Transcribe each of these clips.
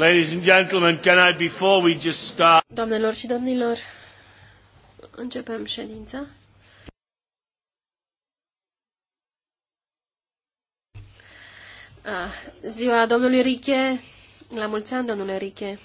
Ladies and gentlemen, can I, before we just start... Doamnelor și domnilor, începem ședința. Ah, ziua domnului Riche. La mulți ani, domnule Riche.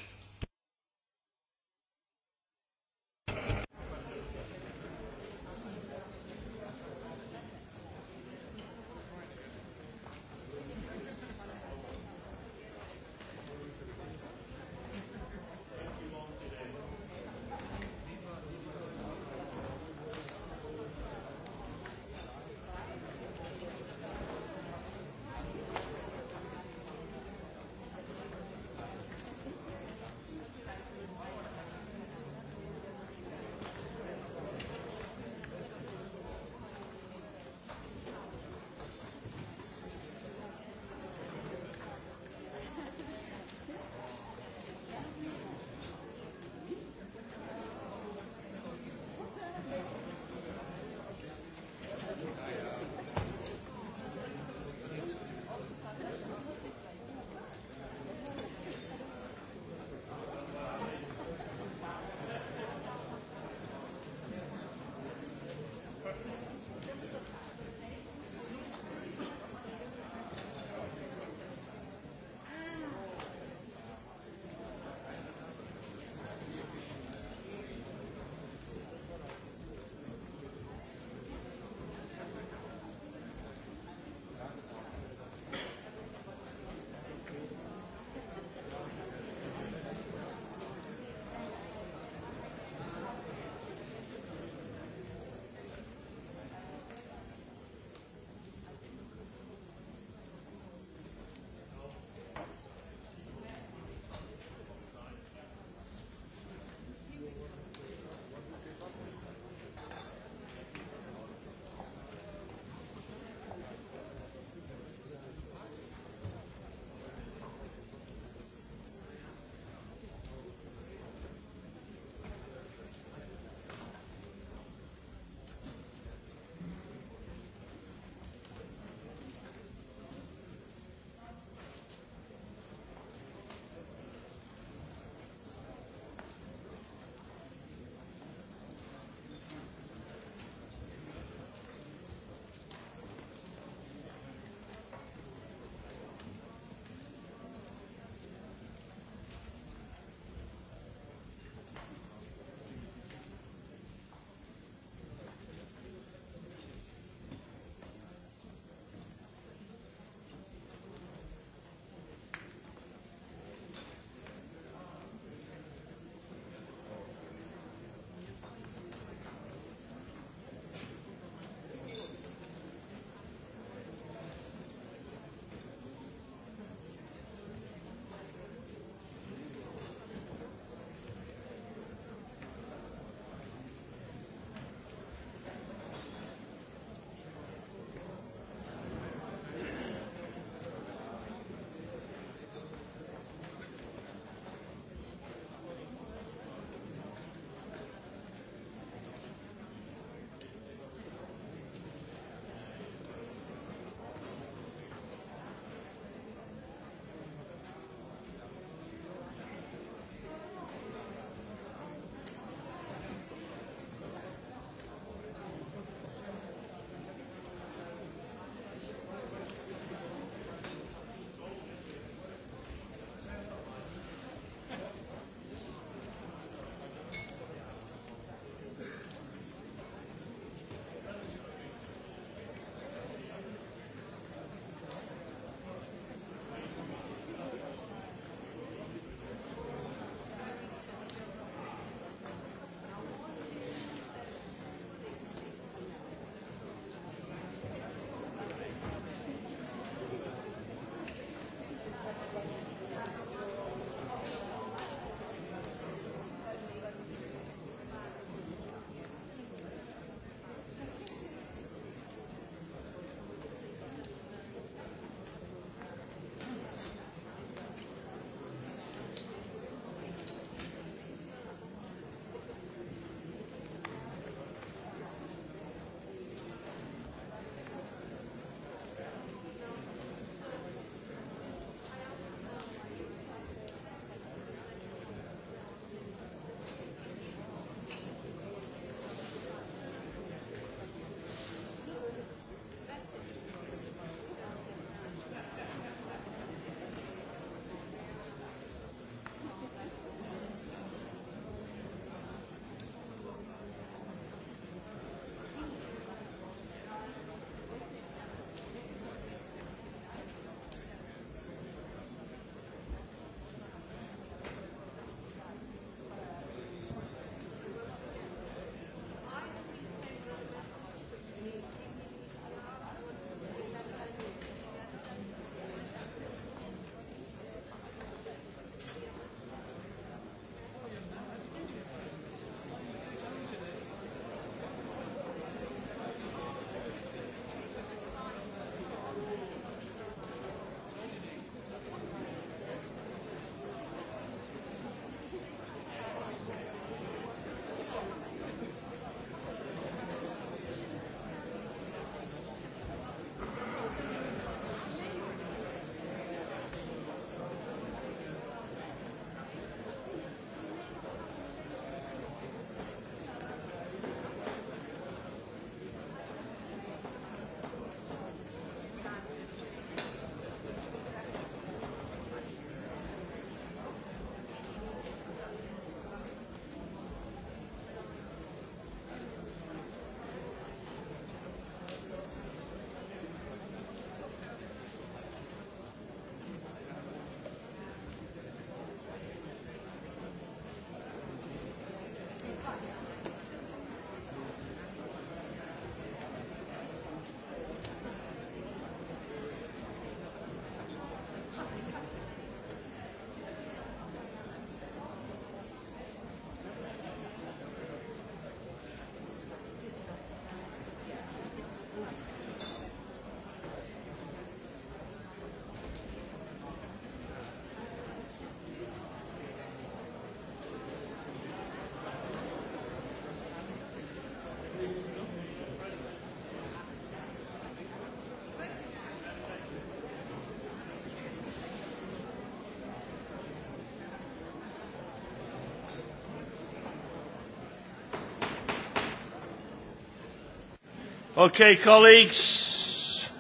Ok, colleagues.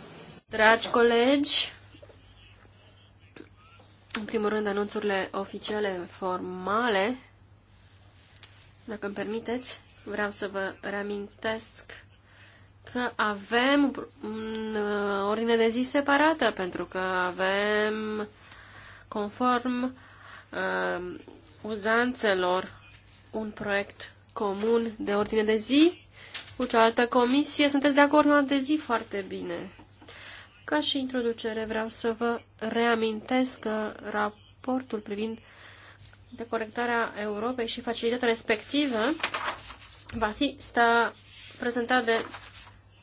Dragi colegi, în primul rând anunțurile oficiale formale, dacă îmi permiteți, vreau să vă reamintesc că avem un uh, ordine de zi separată, pentru că avem, conform uh, uzanțelor, un proiect comun de ordine de zi cu cealaltă comisie. Sunteți de acord, nu de zi foarte bine. Ca și introducere vreau să vă reamintesc că raportul privind de corectarea Europei și facilitatea respectivă va fi sta prezentat de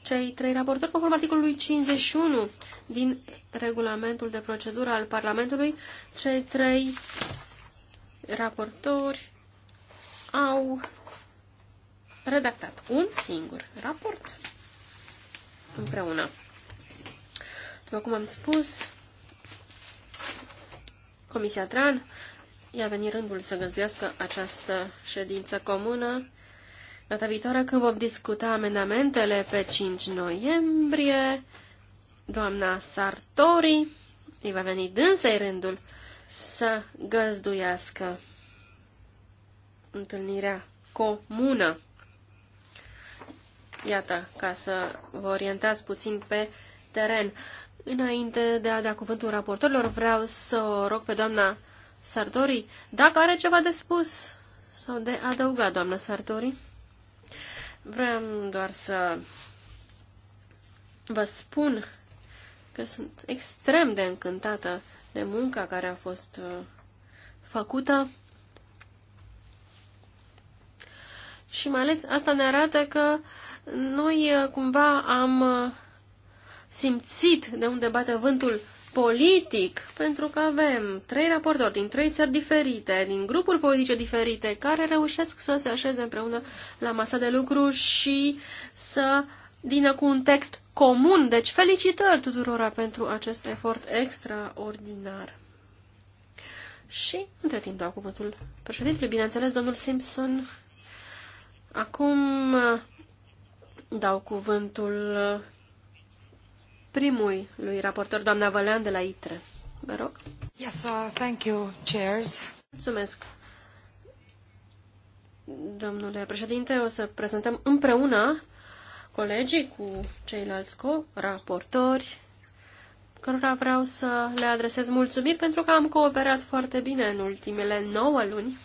cei trei raportori conform articolului 51 din regulamentul de procedură al Parlamentului. Cei trei raportori au redactat un singur raport împreună. După cum am spus, Comisia Tran i-a venit rândul să găzduiască această ședință comună data viitoare când vom discuta amendamentele pe 5 noiembrie. Doamna Sartori îi va veni dânsei rândul să găzduiască întâlnirea comună. Iată, ca să vă orientați puțin pe teren. Înainte de a da cuvântul raportorilor, vreau să o rog pe doamna Sartori dacă are ceva de spus sau de adăugat, doamna Sartori. Vreau doar să vă spun că sunt extrem de încântată de munca care a fost uh, făcută și mai ales asta ne arată că uh, noi uh, cumva am uh, simțit de unde bate vântul politic, pentru că avem trei raportori din trei țări diferite, din grupuri politice diferite, care reușesc să se așeze împreună la masa de lucru și să vină cu un text comun. Deci felicitări tuturora pentru acest efort extraordinar. Și, între timp, dau cuvântul președintelui, bineînțeles, domnul Simpson. Acum, Dau cuvântul primului lui raportor, doamna Vălean de la ITRE. Vă rog. Yes, uh, thank you, chairs. Mulțumesc. Domnule președinte, o să prezentăm împreună colegii cu ceilalți co-raportori, cărora vreau să le adresez mulțumiri pentru că am cooperat foarte bine în ultimele 9 luni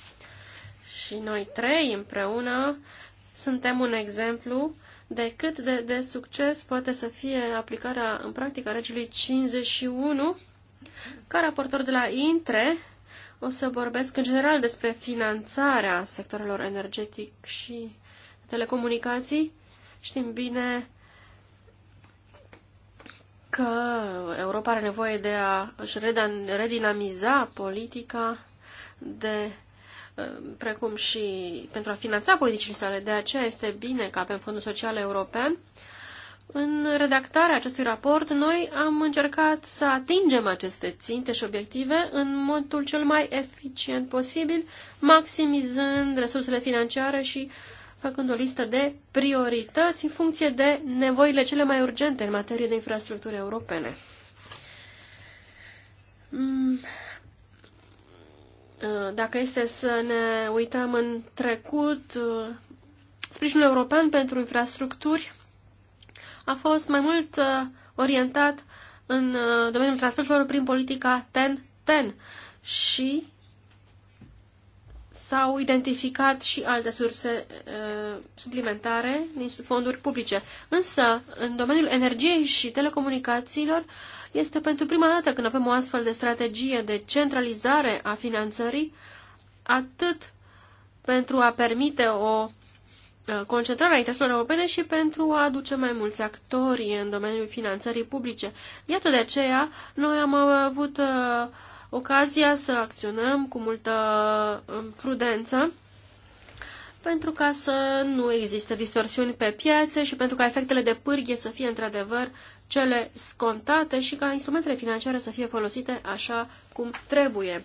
și noi trei împreună suntem un exemplu de cât de, de succes poate să fie aplicarea în practică a regiului 51. Ca raportor de la INTRE, o să vorbesc în general despre finanțarea sectorilor energetic și telecomunicații. Știm bine că Europa are nevoie de a și redinamiza politica de Uh, precum și pentru a finanța politicile sale. De aceea este bine că avem Fondul Social European. În redactarea acestui raport, noi am încercat să atingem aceste ținte și obiective în modul cel mai eficient posibil, maximizând resursele financiare și făcând o listă de priorități în funcție de nevoile cele mai urgente în materie de infrastructuri europene. Mm. Uh, dacă este să ne uităm în trecut, uh, sprijinul european pentru infrastructuri a fost mai mult uh, orientat în domeniul transporturilor prin politica TEN-TEN și s-au identificat și alte surse uh, suplimentare din fonduri publice. Însă, în domeniul energiei și telecomunicațiilor este pentru prima dată când avem o astfel de strategie de centralizare a finanțării, atât pentru a permite o uh, concentrare a intereselor europene și pentru a aduce mai mulți actori în domeniul finanțării publice. Iată de aceea, noi am avut uh, ocazia să acționăm cu multă uh, prudență pentru ca să nu existe distorsiuni pe piață și pentru ca efectele de pârghie să fie într-adevăr cele scontate și ca instrumentele financiare să fie folosite așa cum trebuie.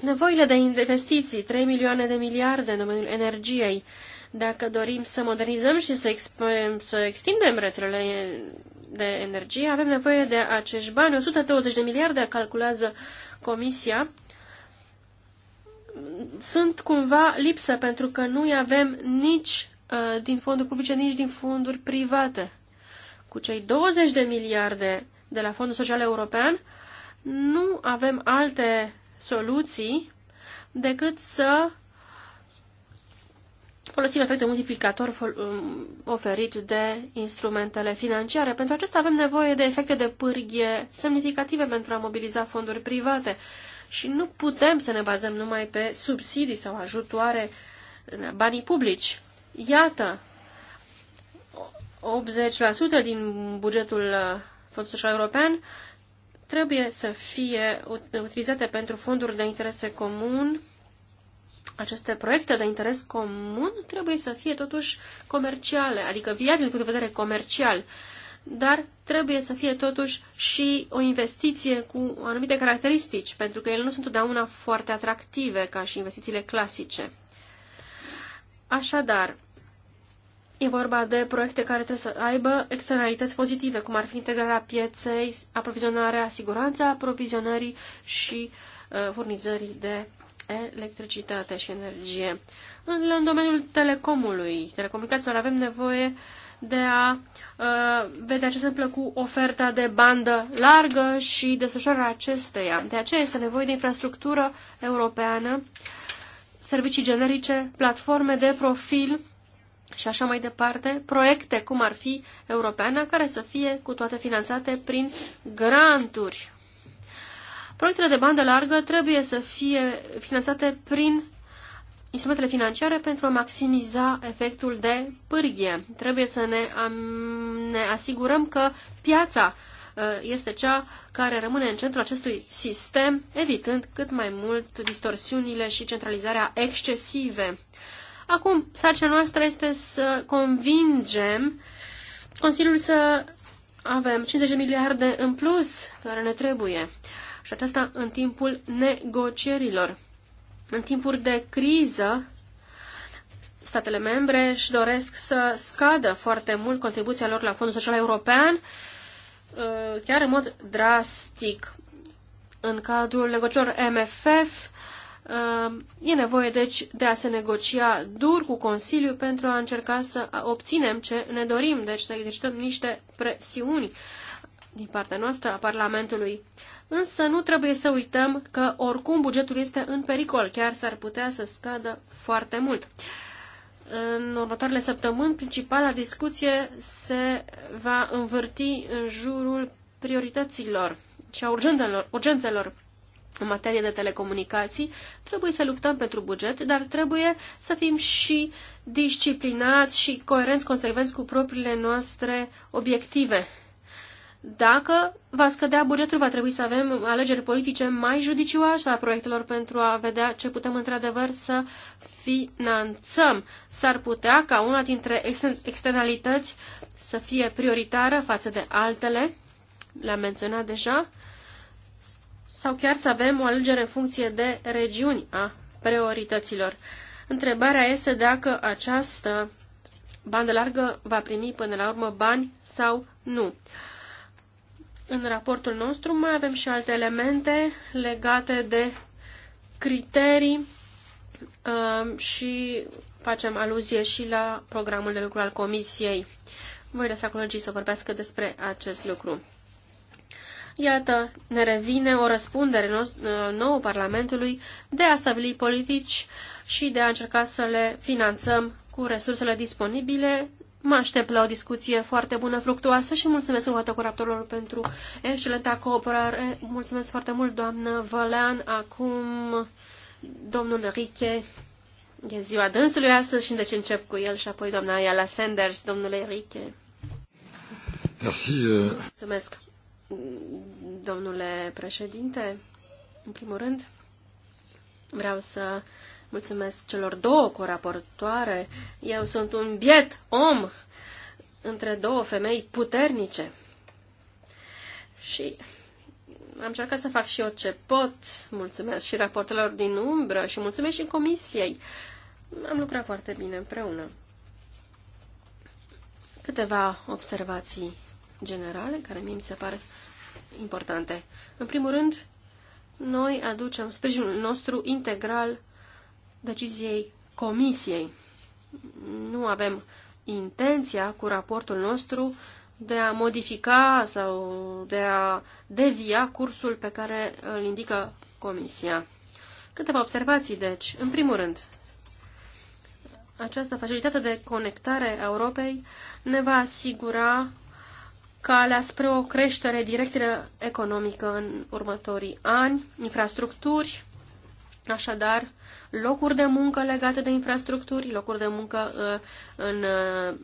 Nevoile de investiții, 3 milioane de miliarde în domeniul energiei, dacă dorim să modernizăm și să, să extindem rețelele de energie, avem nevoie de acești bani. 120 de miliarde, calculează Comisia, sunt cumva lipsă pentru că nu avem nici uh, din fonduri publice, nici din fonduri private cu cei 20 de miliarde de la Fondul Social European, nu avem alte soluții decât să folosim efectul multiplicator um, oferit de instrumentele financiare. Pentru acesta avem nevoie de efecte de pârghie semnificative pentru a mobiliza fonduri private și nu putem să ne bazăm numai pe subsidii sau ajutoare în banii publici. Iată 80% din bugetul uh, Fondului European trebuie să fie utilizate pentru fonduri de interese comun. Aceste proiecte de interes comun trebuie să fie totuși comerciale, adică viabile din punct de vedere comercial, dar trebuie să fie totuși și o investiție cu anumite caracteristici, pentru că ele nu sunt întotdeauna foarte atractive ca și investițiile clasice. Așadar, E vorba de proiecte care trebuie să aibă externalități pozitive, cum ar fi integrarea pieței, aprovizionarea, siguranța aprovizionării și uh, furnizării de electricitate și energie. În, în domeniul telecomului, telecomunicațiilor, avem nevoie de a uh, vedea ce se întâmplă cu oferta de bandă largă și desfășurarea acesteia. De aceea este nevoie de infrastructură europeană, servicii generice, platforme de profil și așa mai departe, proiecte cum ar fi Europeana, care să fie cu toate finanțate prin granturi. Proiectele de bandă largă trebuie să fie finanțate prin instrumentele financiare pentru a maximiza efectul de pârghie. Trebuie să ne, am, ne asigurăm că piața uh, este cea care rămâne în centrul acestui sistem, evitând cât mai mult distorsiunile și centralizarea excesive. Acum, sarcina noastră este să convingem Consiliul să avem 50 miliarde în plus care ne trebuie. Și aceasta în timpul negocierilor. În timpuri de criză, statele membre își doresc să scadă foarte mult contribuția lor la Fondul Social European, uh, chiar în mod drastic. În cadrul negocierilor MFF, Uh, e nevoie, deci, de a se negocia dur cu Consiliul pentru a încerca să obținem ce ne dorim, deci să exercităm niște presiuni din partea noastră a Parlamentului. Însă nu trebuie să uităm că oricum bugetul este în pericol, chiar s-ar putea să scadă foarte mult. În următoarele săptămâni, principala discuție se va învârti în jurul priorităților și a urgențelor în materie de telecomunicații, trebuie să luptăm pentru buget, dar trebuie să fim și disciplinați și coerenți, consecvenți cu propriile noastre obiective. Dacă va scădea bugetul, va trebui să avem alegeri politice mai judicioase a proiectelor pentru a vedea ce putem într-adevăr să finanțăm. S-ar putea ca una dintre externalități să fie prioritară față de altele, le-am menționat deja, sau chiar să avem o alegere în funcție de regiuni a priorităților. Întrebarea este dacă această bandă largă va primi până la urmă bani sau nu. În raportul nostru mai avem și alte elemente legate de criterii um, și facem aluzie și la programul de lucru al Comisiei. Voi lăsa colegii să vorbească despre acest lucru. Iată, ne revine o răspundere nouă Parlamentului de a stabili politici și de a încerca să le finanțăm cu resursele disponibile. Mă aștept la o discuție foarte bună, fructuoasă și mulțumesc încă o dată pentru excelenta cooperare. Mulțumesc foarte mult, doamnă Vălean. Acum, domnul Riche, e ziua dânsului astăzi și ce încep cu el și apoi doamna Ayala Sanders, domnule Riche. Merci. Uh, mulțumesc domnule președinte. În primul rând, vreau să mulțumesc celor două coraportoare. Eu sunt un biet om între două femei puternice. Și am încercat să fac și eu ce pot. Mulțumesc și raportelor din umbră și mulțumesc și comisiei. Am lucrat foarte bine împreună. Câteva observații generale, care mie mi se pare importante. În primul rând, noi aducem sprijinul nostru integral deciziei Comisiei. Nu avem intenția cu raportul nostru de a modifica sau de a devia cursul pe care îl indică Comisia. Câteva observații, deci. În primul rând, această facilitate de conectare a Europei ne va asigura calea spre o creștere directă economică în următorii ani, infrastructuri, așadar locuri de muncă legate de infrastructuri, locuri de muncă uh, în uh,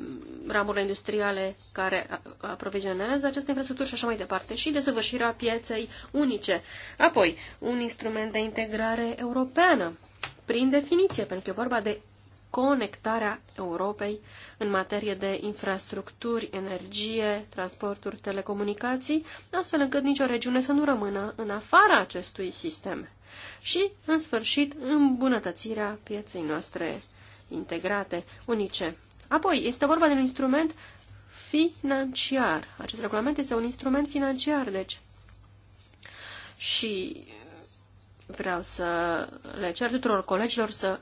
ramurile industriale care aprovizionează aceste infrastructuri și așa mai departe, și desăvârșirea pieței unice. Apoi, un instrument de integrare europeană, prin definiție, pentru că e vorba de conectarea Europei în materie de infrastructuri, energie, transporturi, telecomunicații, astfel încât nicio regiune să nu rămână în afara acestui sistem. Și, în sfârșit, îmbunătățirea pieței noastre integrate, unice. Apoi, este vorba de un instrument financiar. Acest regulament este un instrument financiar, deci. Și vreau să le cer tuturor colegilor să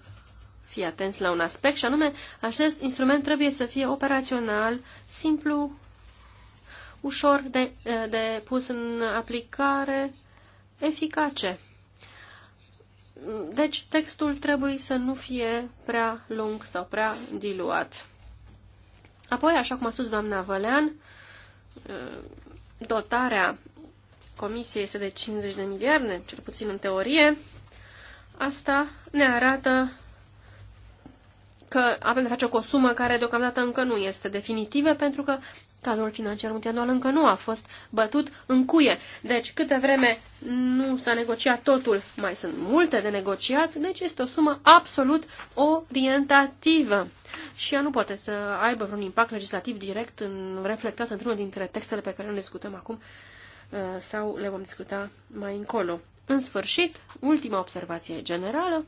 fii atenți la un aspect și anume, acest instrument trebuie să fie operațional, simplu, ușor de, de pus în aplicare, eficace. Deci textul trebuie să nu fie prea lung sau prea diluat. Apoi, așa cum a spus doamna Vălean, dotarea comisiei este de 50 de miliarde, cel puțin în teorie. Asta ne arată că avem de face cu o sumă care deocamdată încă nu este definitivă, pentru că cadrul financiar multianual încă nu a fost bătut în cuie. Deci, câte vreme nu s-a negociat totul, mai sunt multe de negociat, deci este o sumă absolut orientativă. Și ea nu poate să aibă vreun impact legislativ direct în, reflectat într-unul dintre textele pe care le discutăm acum uh, sau le vom discuta mai încolo. În sfârșit, ultima observație generală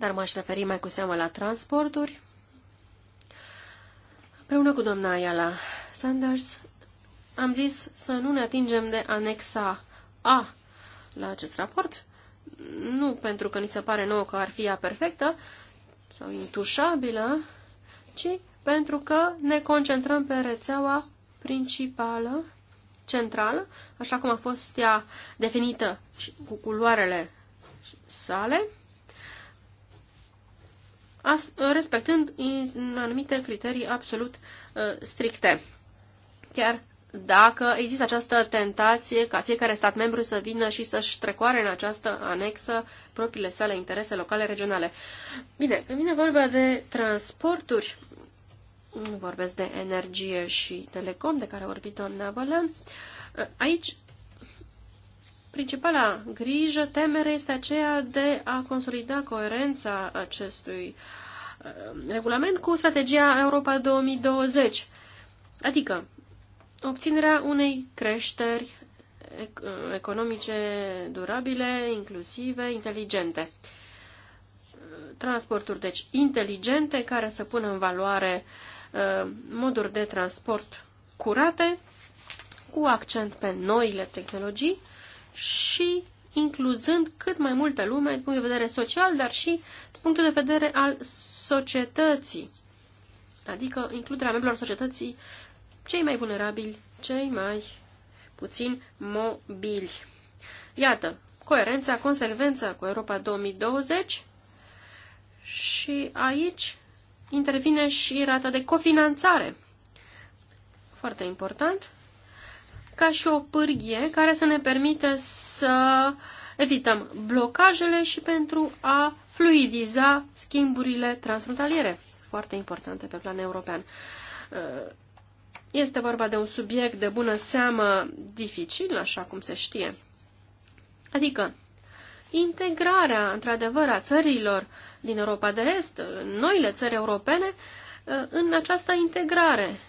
dar m-aș referi mai cu seamă la transporturi. Împreună cu doamna Ayala Sanders, am zis să nu ne atingem de anexa A la acest raport, nu pentru că ni se pare nouă că ar fi ea perfectă sau intușabilă, ci pentru că ne concentrăm pe rețeaua principală, centrală, așa cum a fost ea definită cu culoarele sale, respectând anumite criterii absolut uh, stricte. Chiar dacă există această tentație ca fiecare stat membru să vină și să-și trecoare în această anexă propriile sale interese locale regionale. Bine, când vine vorba de transporturi, vorbesc de energie și telecom, de care a vorbit doamna Bălan, uh, aici Principala grijă, temere, este aceea de a consolida coerența acestui uh, regulament cu strategia Europa 2020, adică obținerea unei creșteri uh, economice durabile, inclusive, inteligente. Transporturi, deci, inteligente care să pună în valoare uh, moduri de transport curate, cu accent pe noile tehnologii și incluzând cât mai multă lume din punct de vedere social, dar și din punctul de vedere al societății. Adică includerea membrilor societății cei mai vulnerabili, cei mai puțin mobili. Iată, coerența, consecvența cu Europa 2020 și aici intervine și rata de cofinanțare. Foarte important ca și o pârghie care să ne permită să evităm blocajele și pentru a fluidiza schimburile transfrontaliere, foarte importante pe plan european. Este vorba de un subiect de bună seamă dificil, așa cum se știe. Adică, integrarea, într-adevăr, a țărilor din Europa de Est, noile țări europene, în această integrare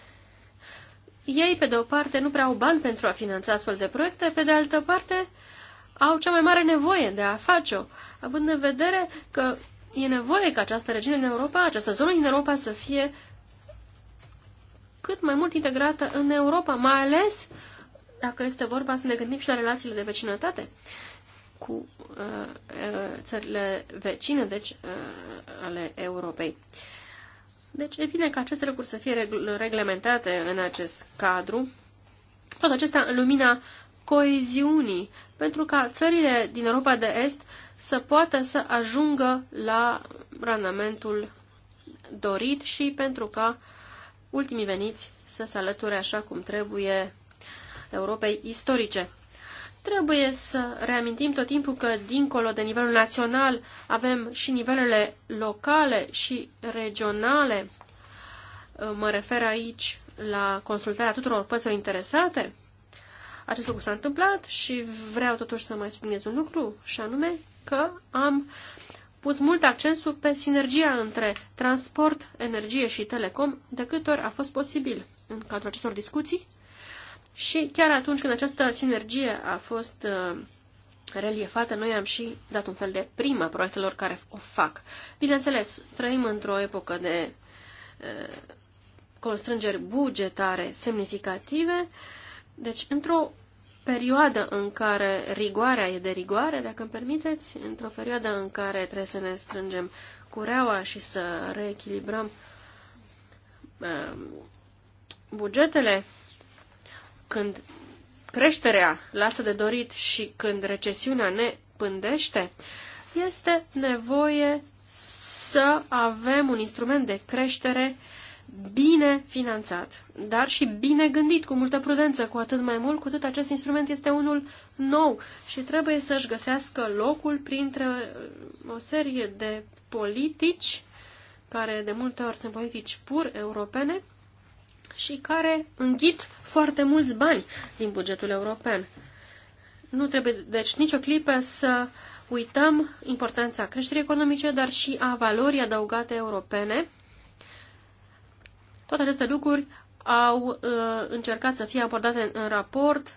ei, pe de o parte, nu prea au bani pentru a finanța astfel de proiecte, pe de altă parte, au cea mai mare nevoie de a face-o, având în vedere că e nevoie ca această regiune din Europa, această zonă din Europa să fie cât mai mult integrată în Europa, mai ales dacă este vorba să ne gândim și la relațiile de vecinătate cu uh, uh țările vecine, deci uh, ale Europei. Uh, deci e bine ca aceste lucruri să fie reglementate în acest cadru, tot acesta în lumina coeziunii, pentru ca țările din Europa de Est să poată să ajungă la randamentul dorit și pentru ca ultimii veniți să se alăture așa cum trebuie Europei istorice. Trebuie să reamintim tot timpul că, dincolo de nivelul național, avem și nivelele locale și regionale. Mă refer aici la consultarea tuturor părților interesate. Acest lucru s-a întâmplat și vreau totuși să mai spunez un lucru, și anume că am pus mult accentul pe sinergia între transport, energie și telecom, de câte ori a fost posibil în cadrul acestor discuții și chiar atunci când această sinergie a fost uh, reliefată, noi am și dat un fel de primă proiectelor care o fac. Bineînțeles, trăim într-o epocă de uh, constrângeri bugetare semnificative, deci într-o perioadă în care rigoarea e de rigoare, dacă îmi permiteți, într-o perioadă în care trebuie să ne strângem cureaua și să reechilibrăm uh, bugetele, când creșterea lasă de dorit și când recesiunea ne pândește, este nevoie să avem un instrument de creștere bine finanțat, dar și bine gândit, cu multă prudență, cu atât mai mult, cu tot acest instrument este unul nou și trebuie să-și găsească locul printre uh, o serie de politici, care de multe ori sunt politici pur europene, și care înghit foarte mulți bani din bugetul european. Nu trebuie, deci, nicio clipă să uităm importanța creșterii economice, dar și a valorii adăugate europene. Toate aceste lucruri au uh, încercat să fie abordate în, în raport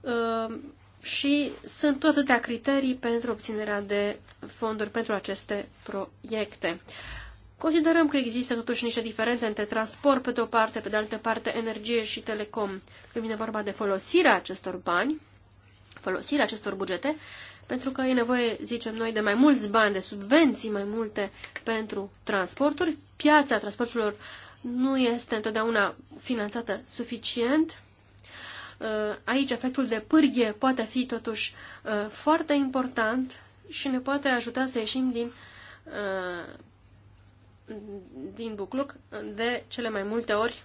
uh, și sunt tot atâtea criterii pentru obținerea de fonduri pentru aceste proiecte. Uh, Considerăm că există totuși niște diferențe între transport pe de o parte, pe de altă parte energie și telecom. Când vine vorba de folosirea acestor bani, folosirea acestor bugete, pentru că e nevoie, zicem noi, de mai mulți bani, de subvenții mai multe pentru transporturi. Piața transporturilor nu este întotdeauna finanțată suficient. Uh, aici efectul de pârghie poate fi totuși uh, foarte important și ne poate ajuta să ieșim din uh, din Bucluc de cele mai multe ori.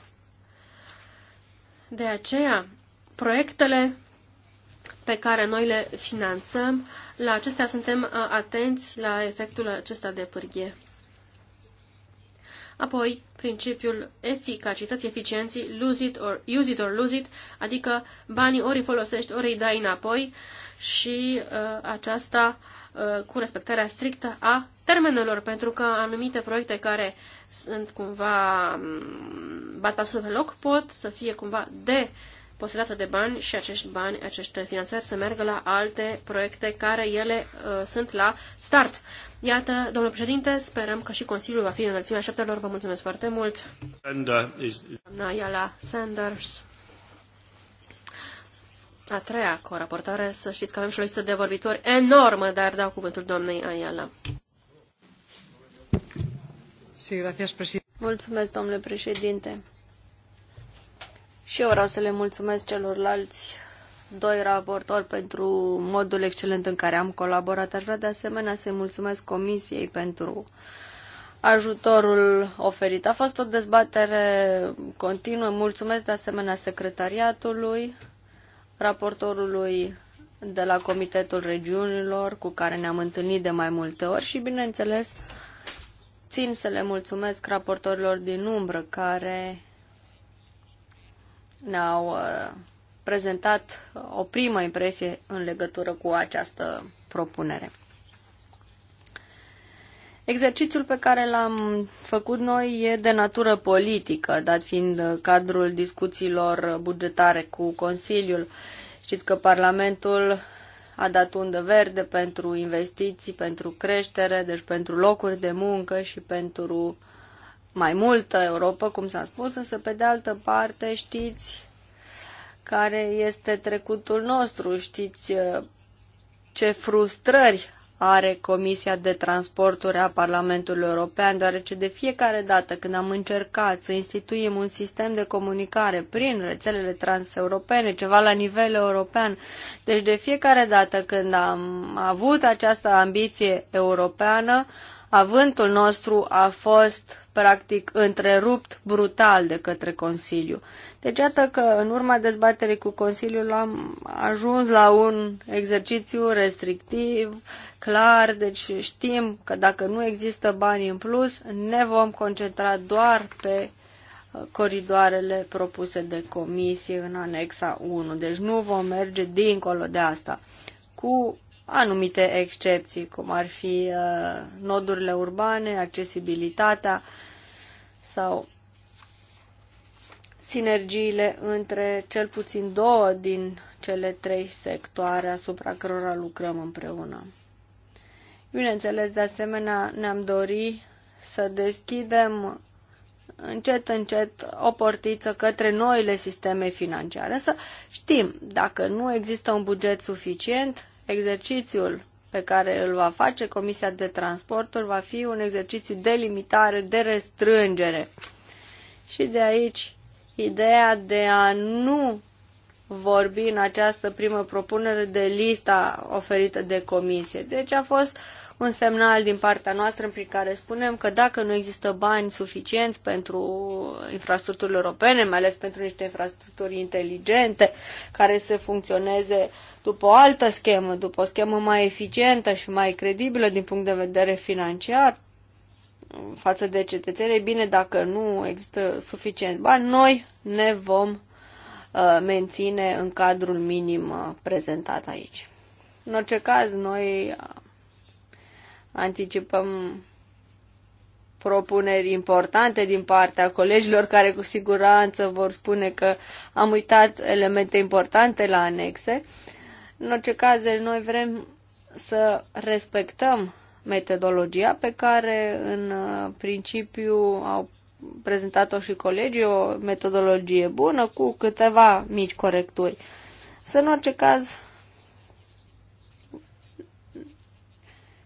De aceea, proiectele pe care noi le finanțăm, la acestea suntem uh, atenți la efectul acesta de pârghie. Apoi, principiul eficacității, eficienții, lose it or, use it or lose it, adică banii ori îi folosești, ori îi dai înapoi și uh, aceasta Uh, cu respectarea strictă a termenelor, pentru că anumite proiecte care sunt cumva um, bat pasul pe loc pot să fie cumva de posedată de bani și acești bani, aceste finanțări să meargă la alte proiecte care ele uh, sunt la start. Iată, domnule președinte, sperăm că și Consiliul va fi în înălțimea șaptelor. Vă mulțumesc foarte mult. Uh, Doamna Iala Sanders a treia coraportare, să știți că avem și o listă de vorbitori enormă, dar dau cuvântul doamnei Ayala. Mulțumesc, domnule președinte. Și eu vreau să le mulțumesc celorlalți doi raportori pentru modul excelent în care am colaborat. Aș vrea de asemenea să-i mulțumesc Comisiei pentru ajutorul oferit. A fost o dezbatere continuă. Mulțumesc de asemenea secretariatului raportorului de la Comitetul Regiunilor, cu care ne-am întâlnit de mai multe ori și, bineînțeles, țin să le mulțumesc raportorilor din umbră care ne-au uh, prezentat uh, o primă impresie în legătură cu această propunere. Exercițiul pe care l-am făcut noi e de natură politică, dat fiind uh, cadrul discuțiilor bugetare cu Consiliul. Știți că Parlamentul a dat undă verde pentru investiții, pentru creștere, deci pentru locuri de muncă și pentru mai multă Europa, cum s-a spus, însă pe de altă parte știți care este trecutul nostru, știți uh, ce frustrări are Comisia de Transporturi a Parlamentului European, deoarece de fiecare dată când am încercat să instituim un sistem de comunicare prin rețelele transeuropene, ceva la nivel european, deci de fiecare dată când am avut această ambiție europeană, avântul nostru a fost practic întrerupt brutal de către Consiliu. Deci iată că în urma dezbaterii cu Consiliul am ajuns la un exercițiu restrictiv, clar, deci știm că dacă nu există bani în plus, ne vom concentra doar pe uh, coridoarele propuse de comisie în anexa 1. Deci nu vom merge dincolo de asta. Cu anumite excepții, cum ar fi uh, nodurile urbane, accesibilitatea sau sinergiile între cel puțin două din cele trei sectoare asupra cărora lucrăm împreună. Bineînțeles, de asemenea, ne-am dori să deschidem încet, încet o portiță către noile sisteme financiare. Să știm, dacă nu există un buget suficient, Exercițiul pe care îl va face Comisia de Transporturi va fi un exercițiu de limitare, de restrângere. Și de aici ideea de a nu vorbi în această primă propunere de lista oferită de comisie. Deci a fost uh, un semnal din partea noastră prin care spunem că dacă nu există bani suficienți pentru infrastructurile europene, mai ales pentru niște infrastructuri inteligente care să funcționeze după o altă schemă, după o schemă mai eficientă și mai credibilă din punct de vedere financiar, față de cetățenii, e bine, dacă nu există suficient bani, noi ne vom uh, menține în cadrul minim uh, prezentat aici. În orice caz, noi uh, anticipăm propuneri importante din partea colegilor care cu siguranță vor spune că am uitat elemente importante la anexe. În orice caz, deci noi vrem să respectăm metodologia pe care în principiu au prezentat-o și colegii, o metodologie bună cu câteva mici corecturi. Să în orice caz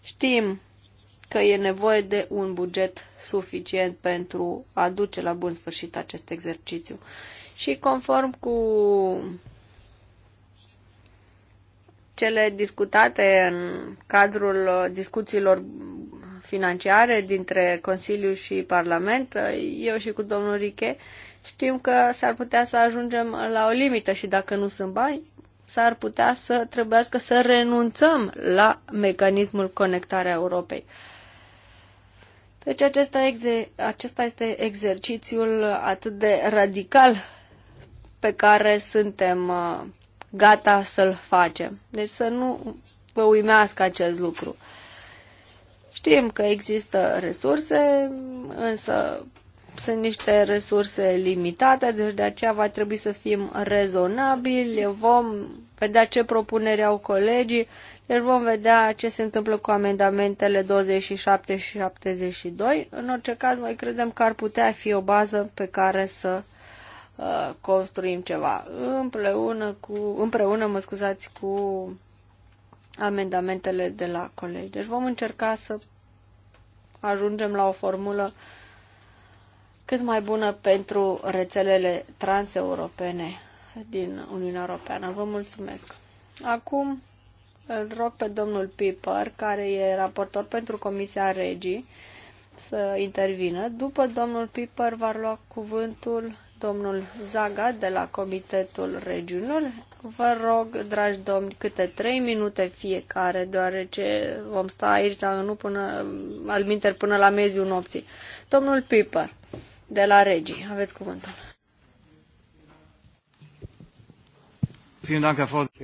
Știm că e nevoie de un buget suficient pentru a duce la bun sfârșit acest exercițiu. Și conform cu cele discutate în cadrul discuțiilor financiare dintre Consiliu și Parlament, eu și cu domnul Riche, știm că s-ar putea să ajungem la o limită și dacă nu sunt bani, s-ar putea să trebuiască să renunțăm la mecanismul conectarea Europei. Deci acesta, exe- acesta este exercițiul atât de radical pe care suntem uh, gata să-l facem. Deci să nu vă uimească acest lucru. Știm că există resurse, însă sunt niște resurse limitate, deci de aceea va trebui să fim rezonabili, vom vedea ce propuneri au colegii, deci vom vedea ce se întâmplă cu amendamentele 27 și 72. În orice caz, noi credem că ar putea fi o bază pe care să uh, construim ceva împreună cu, împreună, mă scuzați, cu amendamentele de la colegi. Deci vom încerca să ajungem la o formulă uh, cât mai bună pentru rețelele transeuropene din Uniunea Europeană. Vă mulțumesc. Acum îl rog pe domnul Piper, care e raportor pentru Comisia Regii, să intervină. După domnul Piper va lua cuvântul domnul Zaga de la Comitetul Regiunilor. Vă rog, dragi domni, câte trei minute fiecare, deoarece vom sta aici, dar nu până, alminter, până la mezul nopții. Domnul Piper de la Regii. Aveți cuvântul.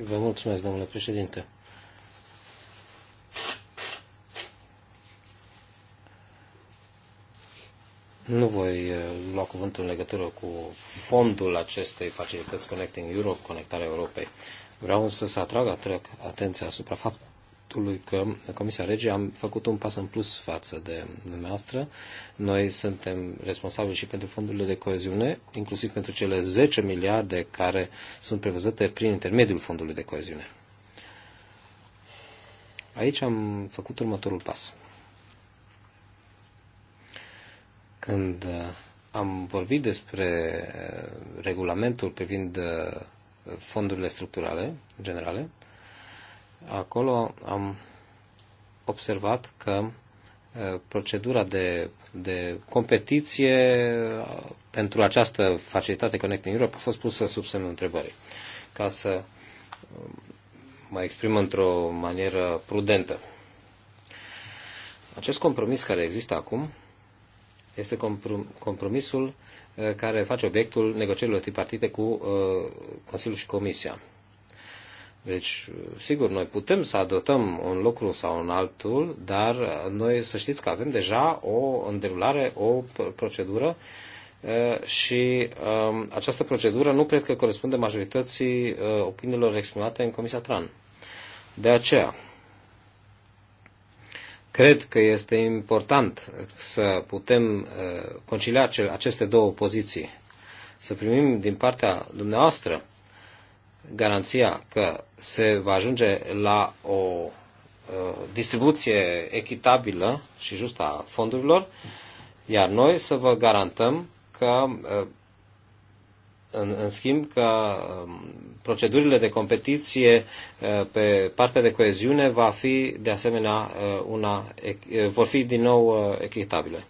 Vă mulțumesc, domnule președinte. Nu voi eh, lua cuvântul în legătură cu fondul acestei facilități Connecting Europe, Conectarea Europei. Vreau însă să atrag atrag atenția asupra faptului faptului că Comisia Rege am făcut un pas în plus față de dumneavoastră. Noi suntem responsabili și pentru fondurile de coeziune, inclusiv pentru cele 10 miliarde care sunt prevăzute prin intermediul fondului de coeziune. Aici am făcut următorul pas. Când uh, am vorbit despre uh, regulamentul privind uh, fondurile structurale generale, Acolo am observat că uh, procedura de, de competiție uh, pentru această facilitate Connecting Europe a fost pusă sub semnul întrebării. Ca să uh, mă exprim într-o manieră prudentă. Acest compromis care există acum este compromisul care face obiectul negocierilor tripartite cu Consiliul și Comisia. Deci, sigur, noi putem să adotăm un lucru sau un altul, dar noi să știți că avem deja o înderulare, o procedură uh, și um, această procedură nu cred că corespunde majorității uh, opiniilor exprimate în Comisia Tran. De aceea, cred că este important să putem uh, concilia aceste două poziții, să primim din partea dumneavoastră garanția că se va ajunge la o uh, distribuție echitabilă și justă a fondurilor, iar noi să vă garantăm că, uh, în, în schimb, că um, procedurile de competiție uh, pe partea de coeziune va fi, de asemenea, una, vor fi din nou echitabile.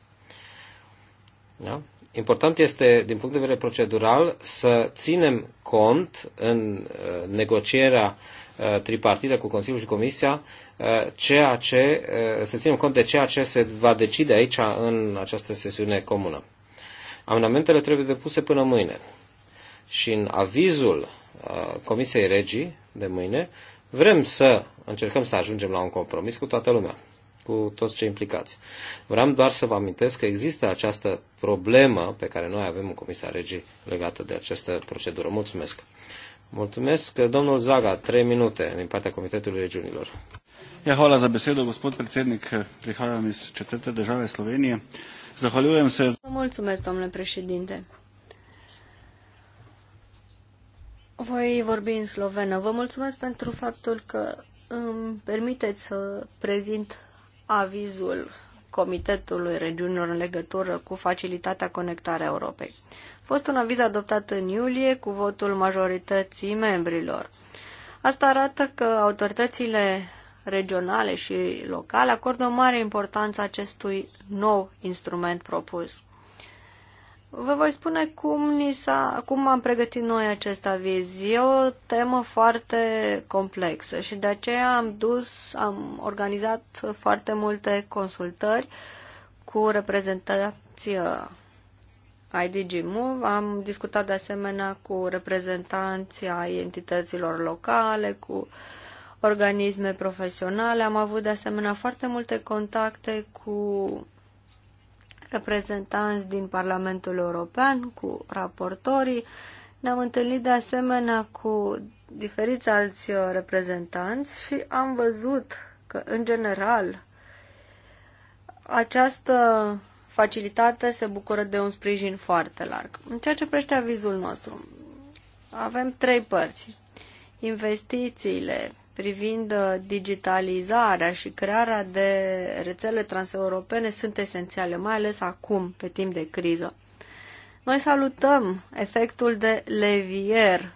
Da? important este, din punct de vedere procedural, să ținem cont în uh, negocierea uh, tripartită cu Consiliul și Comisia, uh, ceea ce, să ținem cont de ceea ce se va decide aici în această sesiune comună. Amendamentele trebuie depuse până mâine și în avizul Comisiei Regii de mâine vrem să încercăm să ajungem la un compromis cu toată lumea cu toți cei implicați. Vreau doar să vă amintesc că există această problemă pe care noi avem în Comisia Regii legată de această procedură. Mulțumesc! Mulțumesc, domnul Zaga, trei minute din partea Comitetului Regiunilor. Ja, hvala za besedo, gospod predsednik. Prihajam iz četrte države Slovenije. Zahvaljujem se. Mulțumesc, domnule președinte. Voi vorbi în slovenă. Vă mulțumesc pentru faptul că îmi permiteți să prezint avizul Comitetului Regiunilor în legătură cu facilitatea conectarea Europei. A fost un aviz adoptat în iulie cu votul majorității membrilor. Asta arată că autoritățile regionale și locale acordă o mare importanță acestui nou instrument propus. Vă voi spune cum, ni s-a, cum am pregătit noi acest aviz. E o temă foarte complexă și de aceea am dus, am organizat foarte multe consultări cu reprezentanții IDG Move. Am discutat de asemenea cu reprezentanții ai entităților locale, cu organisme profesionale. Am avut de asemenea foarte multe contacte cu reprezentanți din Parlamentul European, cu raportorii. Ne-am întâlnit de asemenea cu diferiți alți uh, reprezentanți și am văzut că, în general, această facilitate se bucură de un sprijin foarte larg. În ceea ce prește avizul nostru, avem trei părți. Investițiile privind uh, digitalizarea și crearea de rețele transeuropene sunt esențiale, mai ales acum, pe timp de criză. Noi salutăm efectul de levier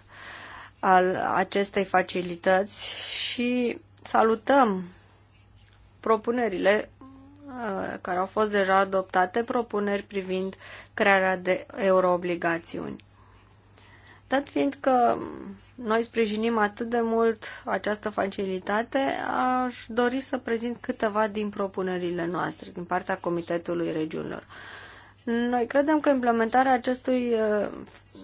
al acestei facilități și salutăm propunerile uh, care au fost deja adoptate, propuneri privind crearea de euroobligațiuni. Dat fiind că noi sprijinim atât de mult această facilitate, aș dori să prezint câteva din propunerile noastre din partea Comitetului Regiunilor. Noi credem că implementarea acestui, uh,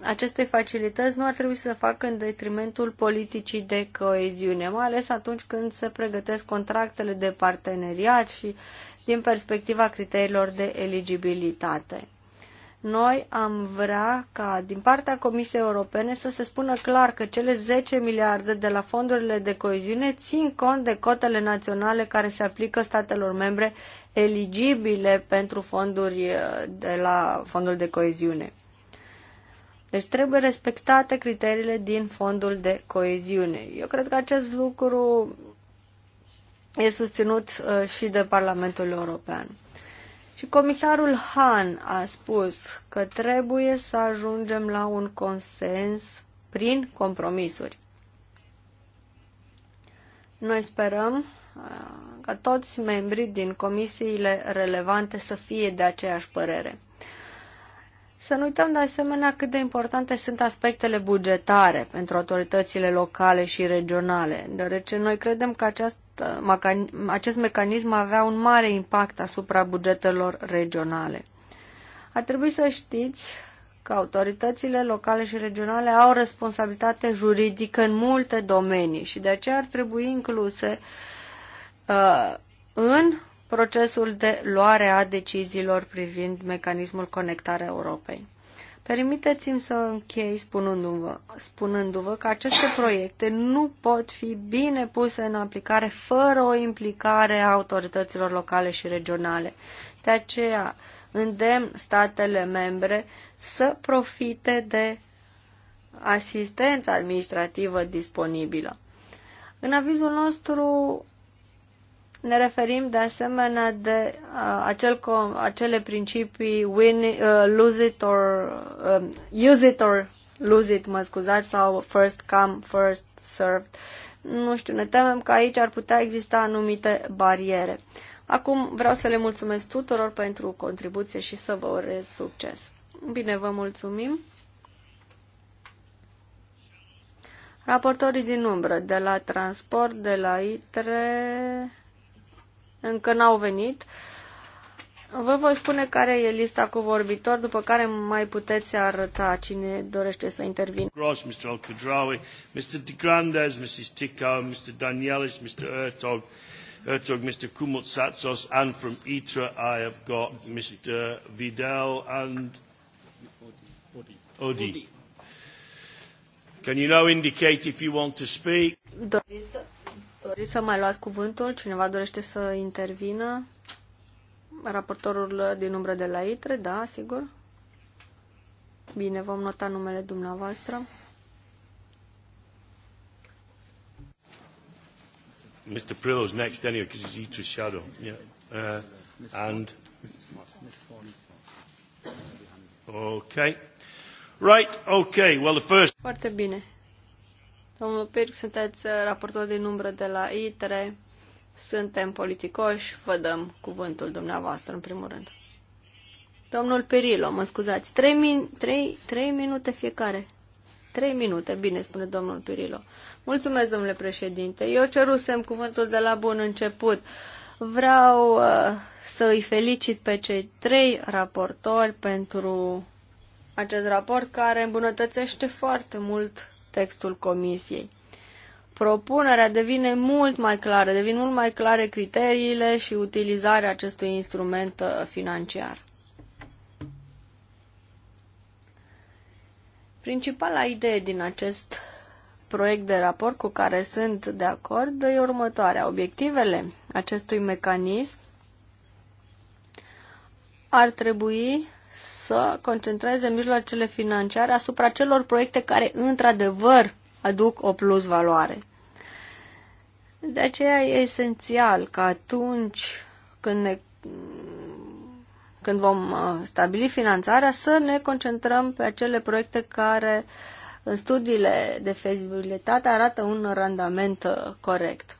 acestei facilități nu ar trebui să se facă în detrimentul politicii de coeziune, mai ales atunci când se pregătesc contractele de parteneriat și din perspectiva criteriilor de eligibilitate. Noi am vrea ca din partea Comisiei Europene să se spună clar că cele 10 miliarde de la fondurile de coeziune țin cont de cotele naționale care se aplică statelor membre eligibile pentru fonduri eh, de la fondul de coeziune. Deci trebuie respectate criteriile din fondul de coeziune. Eu cred că acest lucru e susținut eh, și de Parlamentul European. Și comisarul Han a spus că trebuie să ajungem la un consens prin compromisuri. Noi sperăm uh, ca toți membrii din comisiile relevante să fie de aceeași părere. Să nu uităm de asemenea cât de importante sunt aspectele bugetare pentru autoritățile locale și regionale, deoarece noi credem că acest, acest mecanism avea un mare impact asupra bugetelor regionale. Ar trebui să știți că autoritățile locale și regionale au responsabilitate juridică în multe domenii și de aceea ar trebui incluse uh, în procesul de luare a deciziilor privind mecanismul conectare Europei. Permiteți-mi să închei spunându-vă, spunându-vă că aceste proiecte nu pot fi bine puse în aplicare fără o implicare a autorităților locale și regionale. De aceea îndemn statele membre să profite de asistența administrativă disponibilă. În avizul nostru ne referim de asemenea de uh, acel, acele principii win, uh, lose it or uh, use it or lose it, mă scuzați, sau first come, first served. Nu știu, ne temem că aici ar putea exista anumite bariere. Acum vreau să le mulțumesc tuturor pentru contribuție și să vă urez succes. Bine, vă mulțumim. Raportorii din umbră, de la transport, de la ITRE, încă n-au venit. Vă voi spune care e lista cu vorbitor, după care mai puteți arăta cine dorește să intervină. Gross, Mr. al Mr. De Grandes, Mrs. Tico, Mr. Danielis, Mr. Ertog, Ertog, Mr. Satsos, and from ITRA I have got Mr. Vidal and Odi. Can you now indicate if you want to speak? Doriți Doriți să mai luați cuvântul? Cineva dorește să intervină? Raportorul din umbră de la ITRE, da, sigur. Bine, vom nota numele dumneavoastră. Mr. Prillo's next anyway because he's a shadow. Yeah. Uh, and okay. Right, okay. Well, the first Foarte bine. Domnul Pirc, sunteți uh, raportor din umbră de la ITRE. Suntem politicoși, vă dăm cuvântul dumneavoastră, în primul rând. Domnul Perilo, mă scuzați, trei, min- trei, trei minute fiecare. Trei minute, bine spune domnul Pirilo. Mulțumesc, domnule președinte. Eu cerusem cuvântul de la bun început. Vreau uh, să îi felicit pe cei trei raportori pentru acest raport care îmbunătățește foarte mult textul comisiei. Propunerea devine mult mai clară, devin mult mai clare criteriile și utilizarea acestui instrument uh, financiar. Principala idee din acest proiect de raport cu care sunt de acord e următoarea. Obiectivele acestui mecanism ar trebui să concentreze mijloacele financiare asupra celor proiecte care într-adevăr aduc o plus valoare. De aceea e esențial că atunci când, ne, când vom uh, stabili finanțarea să ne concentrăm pe acele proiecte care în studiile de fezibilitate arată un randament uh, corect.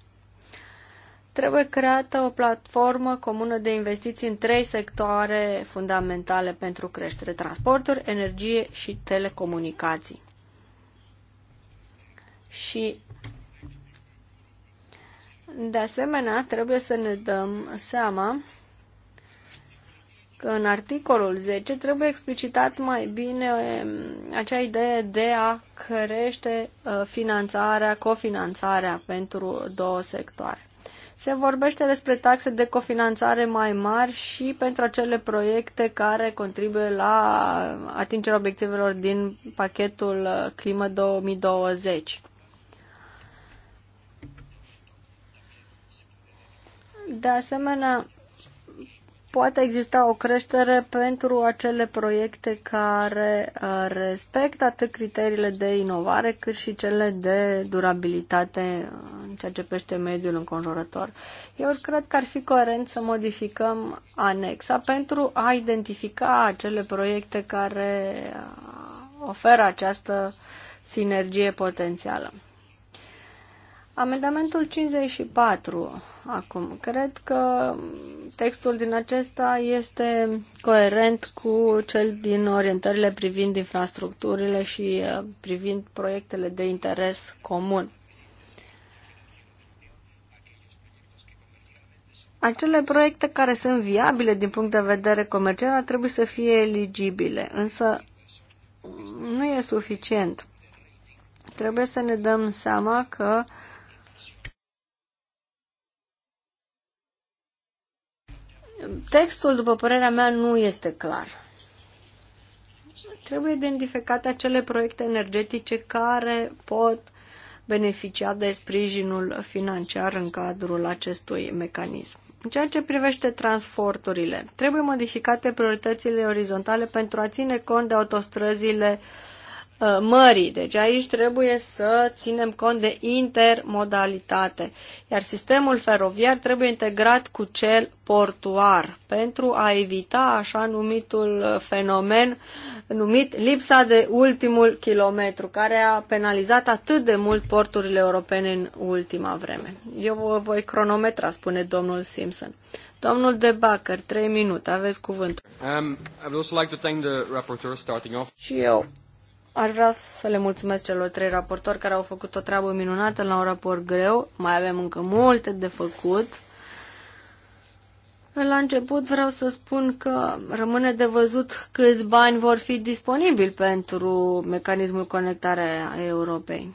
Trebuie creată o platformă comună de investiții în trei sectoare fundamentale pentru creștere, transporturi, energie și telecomunicații. Și de asemenea, trebuie să ne dăm seama că în articolul 10 trebuie explicitat mai bine um, acea idee de a crește uh, finanțarea, cofinanțarea pentru două sectoare. Se vorbește despre taxe de cofinanțare mai mari și pentru acele proiecte care contribuie la atingerea obiectivelor din pachetul uh, Climă 2020. De asemenea, poate exista o creștere pentru acele proiecte care uh, respectă atât criteriile de inovare cât și cele de durabilitate uh, în ceea ce pește mediul înconjurător. Eu cred că ar fi coerent să modificăm anexa pentru a identifica acele proiecte care uh, oferă această sinergie potențială. Amendamentul 54, acum, cred că textul din acesta este coerent cu cel din orientările privind infrastructurile și uh, privind proiectele de interes comun. Acele proiecte care sunt viabile din punct de vedere comercial ar trebui să fie eligibile, însă nu e suficient. Trebuie să ne dăm seama că uh, Textul, după părerea mea, nu este clar. Trebuie identificate acele proiecte energetice care pot beneficia de sprijinul financiar în cadrul acestui mecanism. În ceea ce privește transporturile, trebuie modificate prioritățile orizontale pentru a ține cont de autostrăzile uh, Uh, mării. Deci aici trebuie să ținem cont de intermodalitate, iar sistemul feroviar trebuie integrat cu cel portuar pentru a evita așa numitul uh, fenomen numit lipsa de ultimul kilometru, care a penalizat atât de mult porturile europene în ultima vreme. Eu vă voi cronometra, spune domnul Simpson. Domnul De Bacăr, trei minute, aveți cuvântul. Um, I would also like to thank the rapporteur starting off. Și eu Aș vrea să le mulțumesc celor trei raportori care au făcut o treabă minunată la un raport greu. Mai avem încă multe de făcut. La început vreau să spun că rămâne de văzut câți bani vor fi disponibili pentru mecanismul conectare a Europei.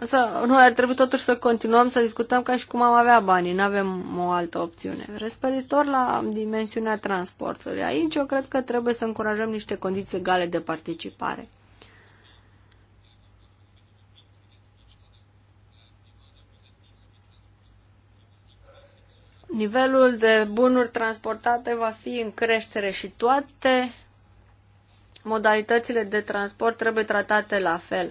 Însă noi ar trebui totuși să continuăm să discutăm ca și cum am avea banii, nu avem o altă opțiune. Resperitor la dimensiunea transportului, aici eu cred că trebuie să încurajăm niște condiții egale de participare. Nivelul de bunuri transportate va fi în creștere și toate modalitățile de transport trebuie tratate la fel.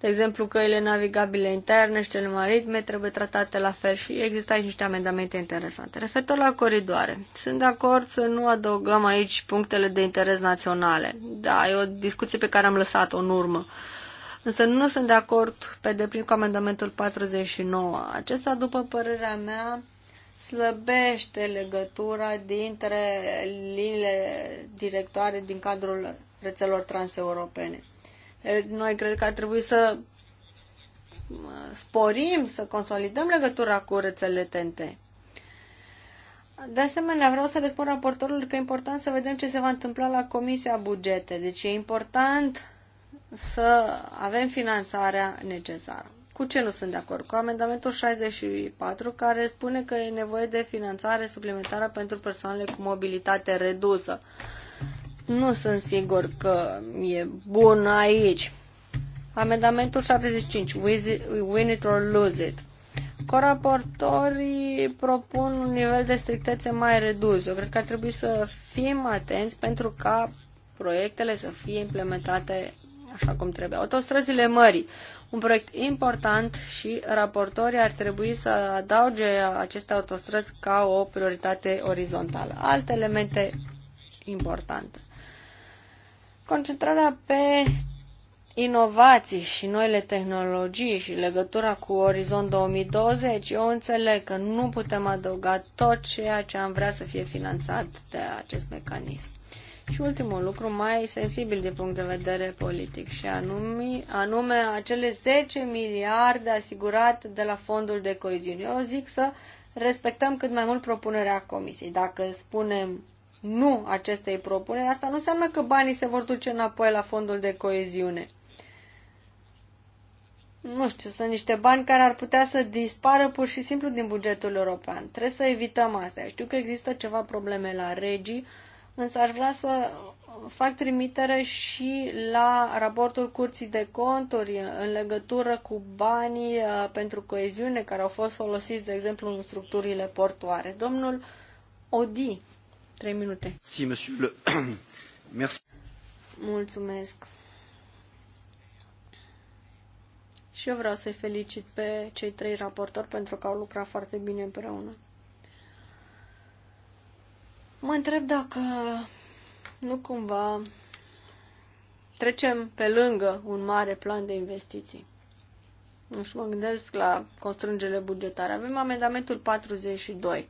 De exemplu, căile navigabile interne și cele maritime trebuie tratate la fel și există aici niște amendamente interesante. Referitor la coridoare, sunt de acord să nu adăugăm aici punctele de interes naționale. Da, e o discuție pe care am lăsat-o în urmă. Însă nu sunt de acord pe deplin cu amendamentul 49. Acesta, după părerea mea, slăbește legătura dintre liniile directoare din cadrul rețelor transeuropene. Noi cred că ar trebui să uh, sporim, să consolidăm legătura cu rețelele TNT. De asemenea, vreau să le spun raportorului că e important să vedem ce se va întâmpla la Comisia Bugete. Deci e important să avem finanțarea necesară. Cu ce nu sunt de acord? Cu amendamentul 64, care spune că e nevoie de finanțare suplimentară pentru persoanele cu mobilitate redusă. Uh, nu sunt sigur că e bun aici. Amendamentul 75, win it or lose it. Coraportorii propun un nivel de strictețe mai redus. Eu cred că ar trebui să fim atenți pentru ca proiectele să fie implementate așa cum trebuie. Autostrăzile mării, un proiect important și raportorii ar trebui să adauge aceste autostrăzi ca o prioritate orizontală. Alte elemente importante. Concentrarea pe inovații și noile tehnologii și legătura cu Orizont 2020, eu înțeleg că nu putem adăuga tot ceea ce am vrea să fie finanțat de acest mecanism. Și ultimul lucru mai sensibil din punct de vedere politic și anume, anume acele 10 miliarde asigurate de la fondul de coeziune. Eu zic să respectăm cât mai mult propunerea comisiei. Dacă spunem nu acestei propuneri, asta nu înseamnă că banii se vor duce înapoi la fondul de coeziune. Nu știu, sunt niște bani care ar putea să dispară pur și simplu din bugetul european. Trebuie să evităm asta. Știu că există ceva probleme la regii, însă aș vrea să fac trimitere și la raportul Curții de Conturi în legătură cu banii uh, pentru coeziune care au fost folosiți, de exemplu, în structurile portoare. Domnul Odi Trei minute. Si, monsieur le... Merci. Mulțumesc. Și eu vreau să-i felicit pe cei trei raportori pentru că au lucrat foarte bine împreună. Mă întreb dacă nu cumva trecem pe lângă un mare plan de investiții. Nu știu, mă gândesc la constrângele bugetare. Avem amendamentul 42,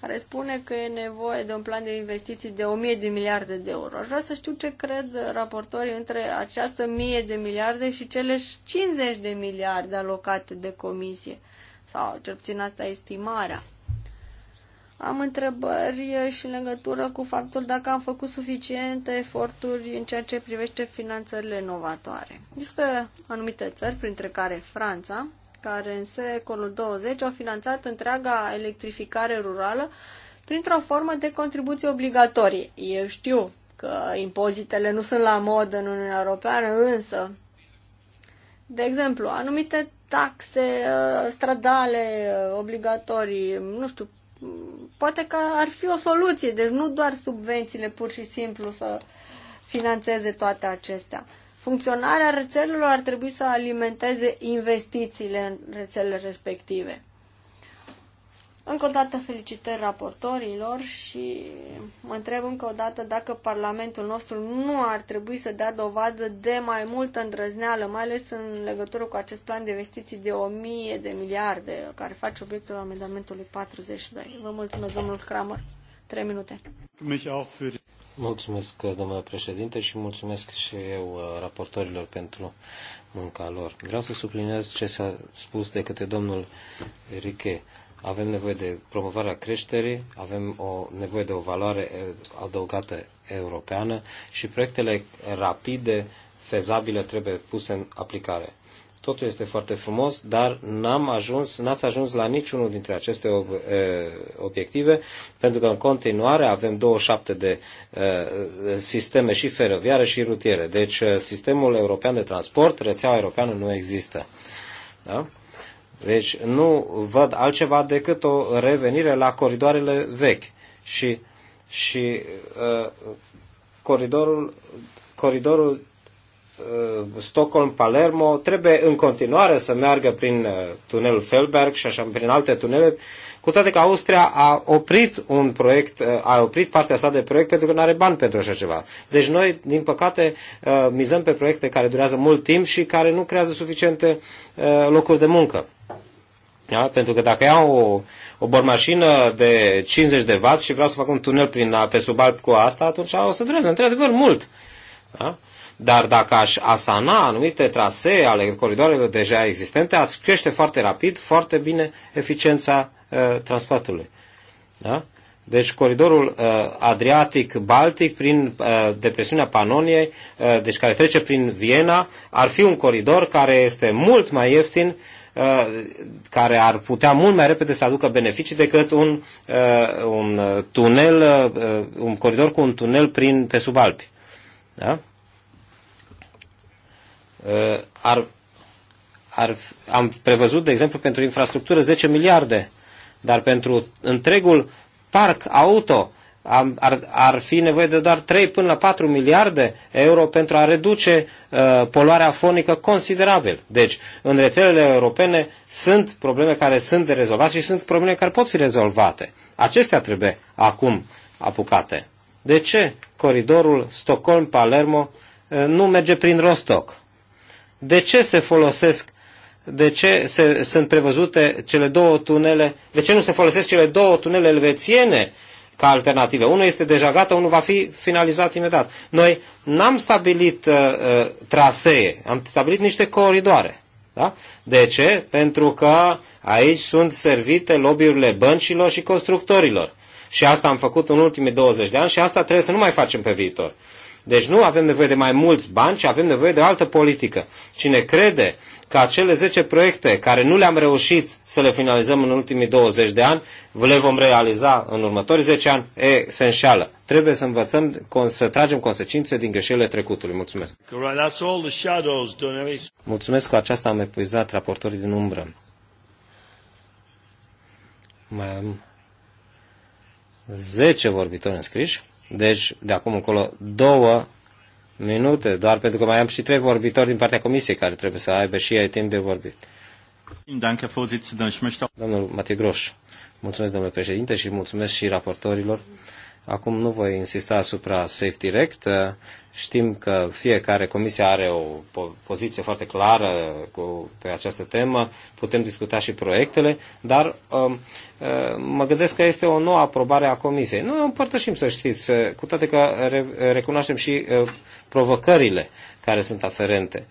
care spune că e nevoie de un plan de investiții de 1000 de miliarde de euro. Aș vrea să știu ce cred raportorii între această 1000 de miliarde și cele 50 de miliarde alocate de comisie. Sau cel puțin asta e estimarea. Am întrebări și în legătură cu faptul dacă am făcut suficiente eforturi în ceea ce privește finanțările inovatoare. Există anumite țări, printre care Franța, care în secolul 20 au finanțat întreaga electrificare rurală printr-o formă de contribuție obligatorie. Eu știu că impozitele nu sunt la mod în Uniunea Europeană, însă, de exemplu, anumite taxe uh, stradale uh, obligatorii, nu știu, poate că ar fi o soluție, deci nu doar subvențiile pur și simplu să financeze toate acestea. Funcționarea rețelelor ar trebui să alimenteze investițiile în rețelele respective. Încă o dată felicitări raportorilor și mă întreb încă o dată dacă Parlamentul nostru nu ar trebui să dea dovadă de mai multă îndrăzneală, mai ales în legătură cu acest plan de investiții de 1000 de miliarde care face obiectul amendamentului 42. Vă mulțumesc, domnul Kramer. Trei minute. Mulțumesc, domnule președinte, și mulțumesc și eu uh, raportorilor pentru munca lor. Vreau să subliniez ce s-a spus de către domnul Riche. Avem nevoie de promovarea creșterii, avem o nevoie de o valoare adăugată europeană și proiectele rapide, fezabile, trebuie puse în aplicare totul este foarte frumos, dar n-am ajuns, n-ați ajuns la niciunul dintre aceste ob- obiective, pentru că în continuare avem 27 de uh, sisteme și feroviare și rutiere. Deci sistemul european de transport, rețeaua europeană nu există. Da? Deci nu văd altceva decât o revenire la coridoarele vechi și, și uh, coridorul, coridorul Uh, Stockholm-Palermo trebuie în continuare să meargă prin uh, tunelul Felberg și așa prin alte tunele, cu toate că Austria a oprit un proiect, uh, a oprit partea sa de proiect pentru că nu are bani pentru așa ceva. Deci noi, din păcate, mizăm pe proiecte care durează mult timp și care nu creează suficiente locuri de muncă. Da? Pentru că dacă iau o, o bormașină de 50 de W și vreau să fac un tunel prin, pe sub cu asta, atunci o să dureze într-adevăr mult. Uh, da? Dar dacă aș asana anumite trasee ale coridoarelor deja existente, ar crește foarte rapid, foarte bine eficiența uh, transportului. Da? Deci coridorul uh, Adriatic-Baltic prin uh, depresiunea Panoniei, uh, deci care trece prin Viena, ar fi un coridor care este mult mai ieftin, uh, care ar putea mult mai repede să aducă beneficii decât un, uh, un tunel, uh, un coridor cu un tunel prin pe sub Alpi da? Ar, ar, am prevăzut, de exemplu, pentru infrastructură 10 miliarde, dar pentru întregul parc auto am, ar, ar fi nevoie de doar 3 până la 4 miliarde euro pentru a reduce uh, poluarea fonică considerabil. Deci, în rețelele europene sunt probleme care sunt de rezolvat și sunt probleme care pot fi rezolvate. Acestea trebuie acum apucate de ce coridorul Stockholm-Palermo eh, nu merge prin Rostock? De ce se folosesc, de ce se, sunt prevăzute cele două tunele, de ce nu se folosesc cele două tunele elvețiene ca alternative? Unul este deja gata, unul va fi finalizat imediat. Noi n-am stabilit uh, trasee, am stabilit niște coridoare. Da? De ce? Pentru că aici sunt servite lobbyurile băncilor și constructorilor. Și asta am făcut în ultimii 20 de ani și asta trebuie să nu mai facem pe viitor. Deci nu avem nevoie de mai mulți bani, ci avem nevoie de o altă politică. Cine crede că acele 10 proiecte care nu le-am reușit să le finalizăm în ultimii 20 de ani, le vom realiza în următorii 10 ani, e, se înșeală. Trebuie să învățăm să tragem consecințe din greșelile trecutului. Mulțumesc. Mulțumesc, cu aceasta am epuizat raportorii din umbră. Mai am 10 vorbitori înscriși, deci de acum încolo două minute, doar pentru că mai am și trei vorbitori din partea comisiei care trebuie să aibă și ei timp de vorbit. Domnul Matei Groș, mulțumesc domnule președinte și mulțumesc și raportorilor Acum nu voi insista asupra Safe Direct. Știm că fiecare comisie are o poziție foarte clară cu, pe această temă. Putem discuta și proiectele, dar um, uh, mă gândesc că este o nouă aprobare a comisiei. Noi împărtășim, să știți, cu toate că recunoaștem și uh, provocările care sunt aferente.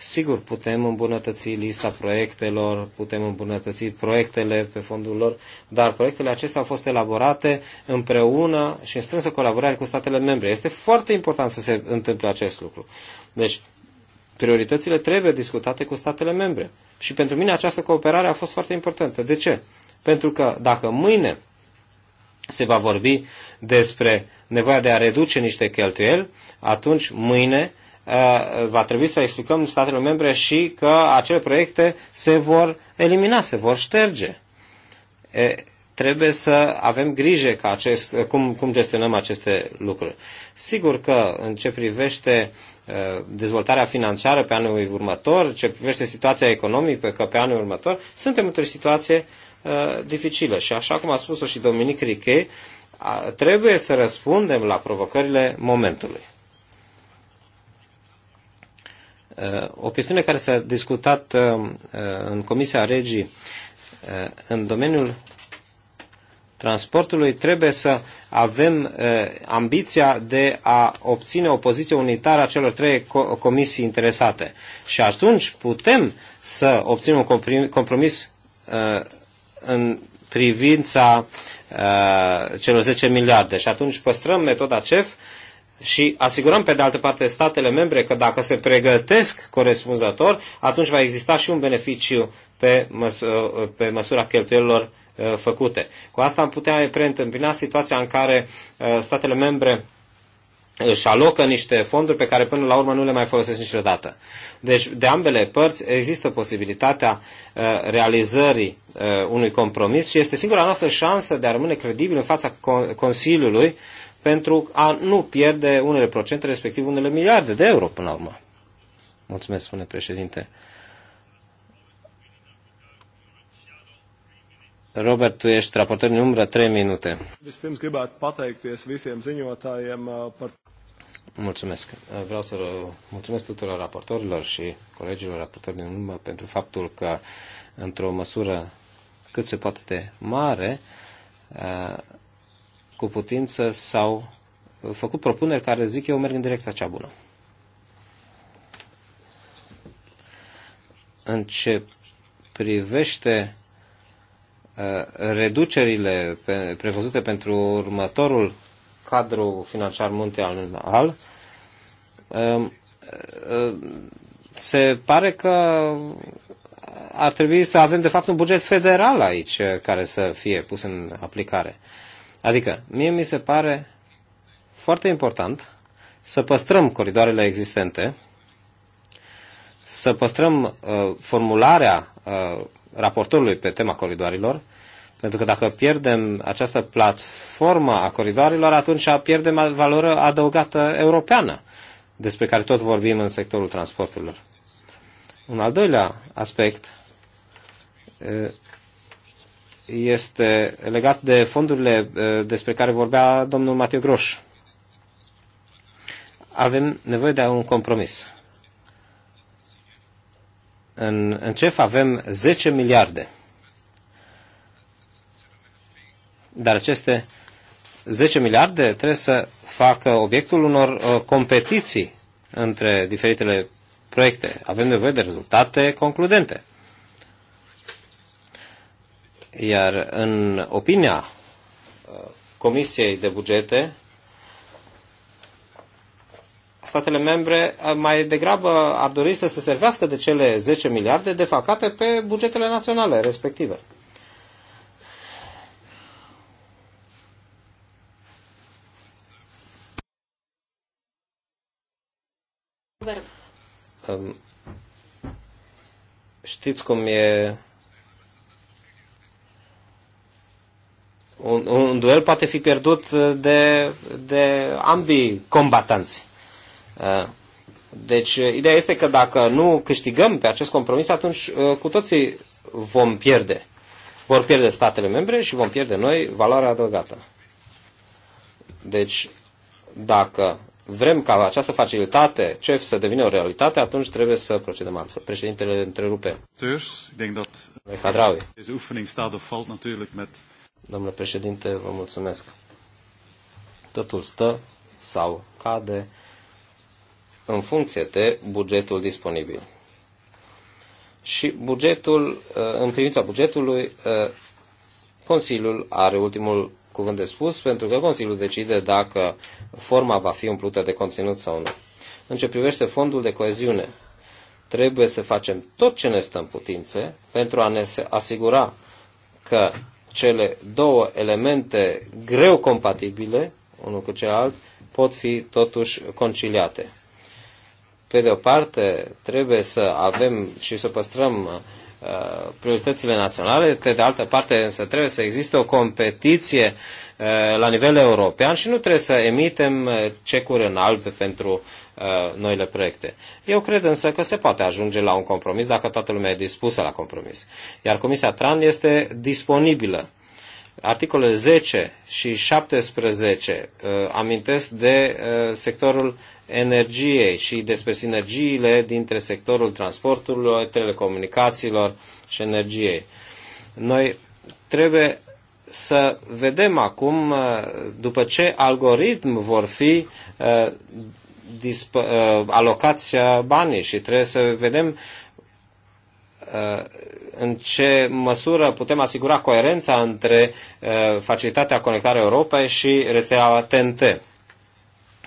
Sigur, putem îmbunătăți lista proiectelor, putem îmbunătăți proiectele pe fondul lor, dar proiectele acestea au fost elaborate împreună și în strânsă colaborare cu statele membre. Este foarte important să se întâmple acest lucru. Deci, prioritățile trebuie discutate cu statele membre. Și pentru mine această cooperare a fost foarte importantă. De ce? Pentru că dacă mâine se va vorbi despre nevoia de a reduce niște cheltuieli, atunci mâine uh, Eh, va trebui să explicăm statelor membre și că acele proiecte se vor elimina, se vor șterge. E, trebuie să avem grijă ca acest, cum, cum gestionăm aceste lucruri. Sigur că în ce privește eh, dezvoltarea financiară pe anul următor, ce privește situația economică că pe anul următor, suntem într-o situație uh, dificilă și așa cum a spus-o și Dominic Riche, trebuie să răspundem la provocările momentului. Uh, o chestiune care s-a discutat uh, uh, în Comisia Regii în domeniul transportului trebuie să avem ambiția de a obține o poziție unitară a celor trei comisii interesate. Și atunci putem să obținem un compromis în privința celor 10 miliarde. Și atunci păstrăm metoda CEF și asigurăm pe de altă parte statele membre că dacă se pregătesc corespunzător, atunci va exista și un beneficiu pe, măs- uh, pe măsura cheltuielilor uh, făcute. Cu asta am putea preîntâmpina situația în care uh, statele membre își alocă niște fonduri pe care până la urmă nu le mai folosesc niciodată. Deci, de ambele părți există posibilitatea realizării unui compromis și este singura noastră șansă de a rămâne credibil în fața Consiliului pentru a nu pierde unele procente, respectiv unele miliarde de euro până la urmă. Mulțumesc, spune președinte. Robert, tu ești raportor în umbră, 3 minute. Uh, mulțumesc. Vreau să mulțumesc tuturor raportorilor și colegilor raportori din urmă pentru faptul că, într-o măsură cât se poate de mare, uh, cu putință s-au uh, făcut propuneri care, zic eu, merg în direcția cea bună. În ce privește uh, reducerile prevăzute pentru următorul cadru financiar al, um, uh, se pare că ar trebui să avem, de fapt, un buget federal aici care să fie pus în aplicare. Uh, Adică, mie mi se pare foarte important să păstrăm coridoarele existente, să păstrăm uh, formularea uh, raportorului pe tema coridoarilor, pentru că dacă pierdem această platformă a coridoarilor, atunci pierdem valoarea adăugată europeană, despre care tot vorbim în sectorul transporturilor. Un al doilea aspect uh, este legat de fondurile uh, despre care vorbea domnul Matiu Groș. Avem nevoie de un compromis. În, în CEF avem 10 miliarde. Dar aceste 10 miliarde trebuie să facă obiectul unor uh, competiții între diferitele proiecte. Avem nevoie de rezultate concludente. Iar în opinia uh, Comisiei de Bugete, statele membre uh, mai degrabă ar dori să se servească de cele 10 miliarde defacate pe bugetele naționale respective. Um, știți cum e Un, un duel poate fi pierdut uh, de, de ambii combatanți. Uh, deci, uh, ideea este că dacă nu câștigăm pe acest compromis, atunci cu toții vom pierde. Vor pierde statele membre și vom pierde noi valoarea adăugată. Deci, dacă vrem ca această facilitate CEF să devină o realitate, atunci trebuie să procedăm altfel. Președintele întrerupe. Deci, ik denk dat deze oefening staat of valt natuurlijk met Domnule președinte, vă mulțumesc. Totul stă sau cade în funcție de bugetul disponibil. Și bugetul, uh, în privința bugetului, uh, Consiliul are ultimul cuvânt de spus, pentru că Consiliul decide dacă forma va fi umplută de conținut sau nu. În ce privește fondul de coeziune, trebuie să facem tot ce ne stă în putințe pentru a ne asigura că cele două elemente greu compatibile, unul cu celălalt, pot fi totuși conciliate. Pe de o parte, trebuie să avem și să păstrăm uh, prioritățile naționale, pe de altă parte însă trebuie să existe o competiție uh, la nivel european și nu trebuie să emitem uh, cecuri în albe pentru Uh, noile proiecte. Eu cred însă că se poate ajunge la un compromis dacă toată lumea e dispusă la compromis. Iar Comisia TRAN este disponibilă articolele 10 și 17 uh, amintesc de uh, sectorul energiei și despre sinergiile dintre sectorul transporturilor, telecomunicațiilor și energiei. Noi trebuie să vedem acum, uh, după ce algoritm vor fi uh, Uh, alocați uh, banii și trebuie să vedem uh, în ce măsură putem asigura coerența între facilitatea conectare Europei și rețeaua TNT.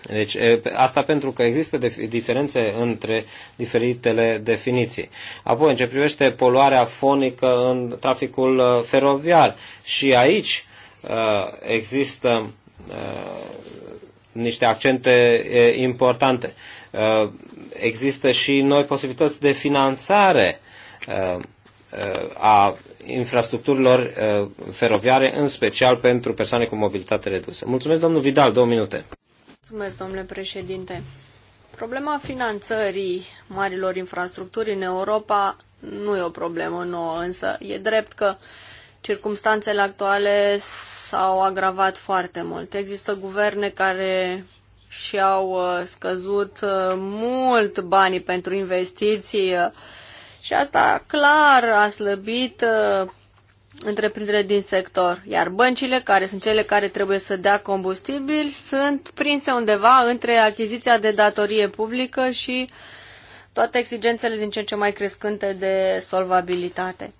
Deci, asta pentru că există diferențe între diferitele definiții. Apoi, în ce privește poluarea fonică în traficul feroviar, și aici există niște accente importante. Uh, există și noi posibilități de finanțare uh, uh, a infrastructurilor feroviare, în special pentru persoane cu mobilitate redusă. Mulțumesc, domnul Vidal, două minute. Mulțumesc, domnule președinte. Problema finanțării marilor infrastructuri în Europa nu e o problemă nouă, însă e drept că uh, circumstanțele actuale s-au agravat foarte mult. Există guverne care și-au uh, scăzut uh, mult banii pentru investiții uh, și asta clar a slăbit întreprinderile din sector, iar băncile, care sunt cele care trebuie să dea combustibil, sunt prinse undeva între achiziția de datorie publică și toate exigențele din ce în ce mai crescânte de solvabilitate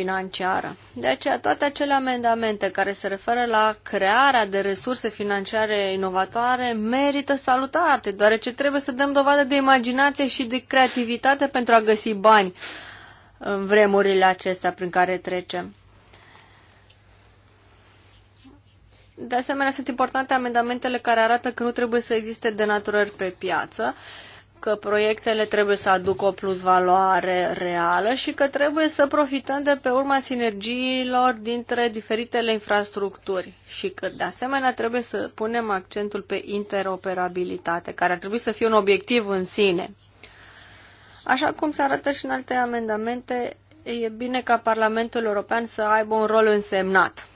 financiară. De aceea, toate acele amendamente care se referă la crearea de resurse financiare inovatoare merită salutate, deoarece trebuie să dăm dovadă de imaginație și de creativitate pentru a găsi bani în vremurile acestea prin care trecem. De asemenea, sunt importante amendamentele care arată că nu trebuie să existe denaturări pe piață că proiectele trebuie să aducă o plusvaloare reală și că trebuie să profităm de pe urma sinergiilor dintre diferitele infrastructuri și că, de asemenea, trebuie să punem accentul pe interoperabilitate, care ar trebui să fie un obiectiv în sine. Așa cum se arată și în alte amendamente, e bine ca Parlamentul European să aibă un rol însemnat,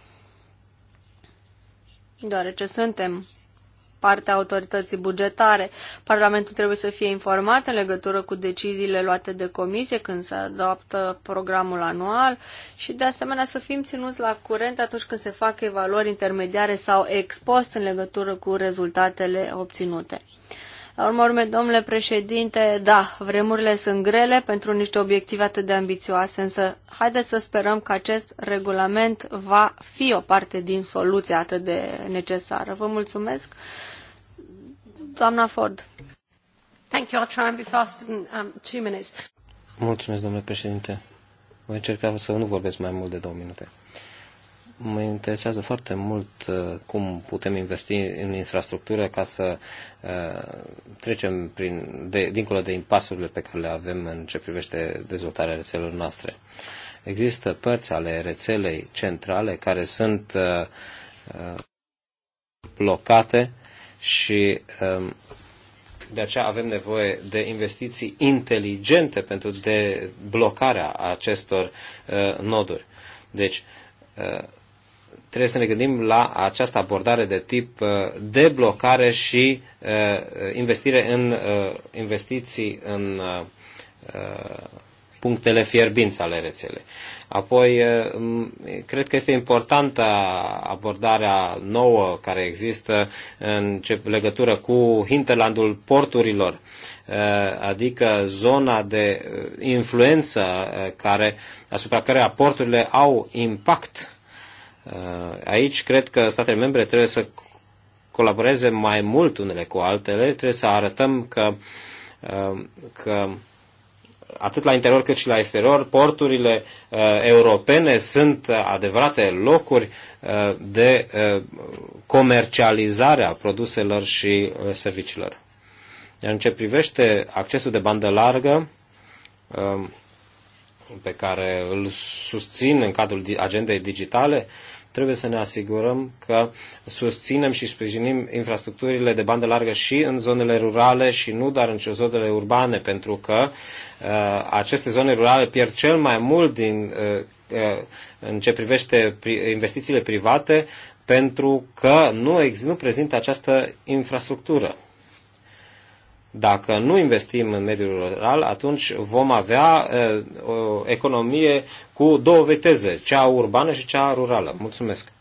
deoarece suntem partea autorității bugetare. Parlamentul trebuie să fie informat în legătură cu deciziile luate de comisie când se adoptă programul anual și de asemenea să fim ținuți la curent atunci când se fac evaluări intermediare sau ex post în legătură cu rezultatele obținute. La urmă urme, domnule președinte, da, vremurile sunt grele pentru niște obiective atât de ambițioase, însă haideți să sperăm că acest regulament va fi o parte din soluția atât de necesară. Vă mulțumesc. Doamna Ford. Thank you. I'll try and be faster than um, two minutes. Mulțumesc, domnule președinte. Voi încerca să nu vorbesc mai mult de două minute. Mă interesează foarte mult uh, cum putem investi în infrastructură ca să uh, trecem prin, de, dincolo de impasurile pe care le avem în ce privește dezvoltarea rețelelor noastre. Există părți ale rețelei centrale care sunt uh, uh blocate uh, și um, de aceea avem nevoie de investiții inteligente pentru deblocarea acestor uh, noduri. Deci, uh, trebuie să ne gândim la această abordare de tip uh, deblocare și investire în investiții în punctele fierbinți ale rețelei. Apoi, cred că este importantă abordarea nouă care există în legătură cu hinterlandul porturilor, adică zona de influență care, asupra căreia porturile au impact. Aici cred că statele membre trebuie să colaboreze mai mult unele cu altele, trebuie să arătăm că, că atât la interior cât și la exterior, porturile uh, europene sunt uh, adevărate locuri uh, de uh, comercializare a produselor și uh, serviciilor. Iar în ce privește accesul de bandă largă, uh, pe care îl susțin în cadrul agendei digitale, uh, trebuie să ne asigurăm că susținem și sprijinim infrastructurile de bandă largă și în zonele rurale și nu doar în zonele urbane, pentru că uh, aceste zone rurale pierd cel mai mult din, uh, uh, în ce privește pri investițiile private pentru că nu, ex- nu prezintă această infrastructură. Dacă nu investim în mediul rural, atunci vom avea o economie cu două viteze, cea urbană și cea rurală. Mulțumesc.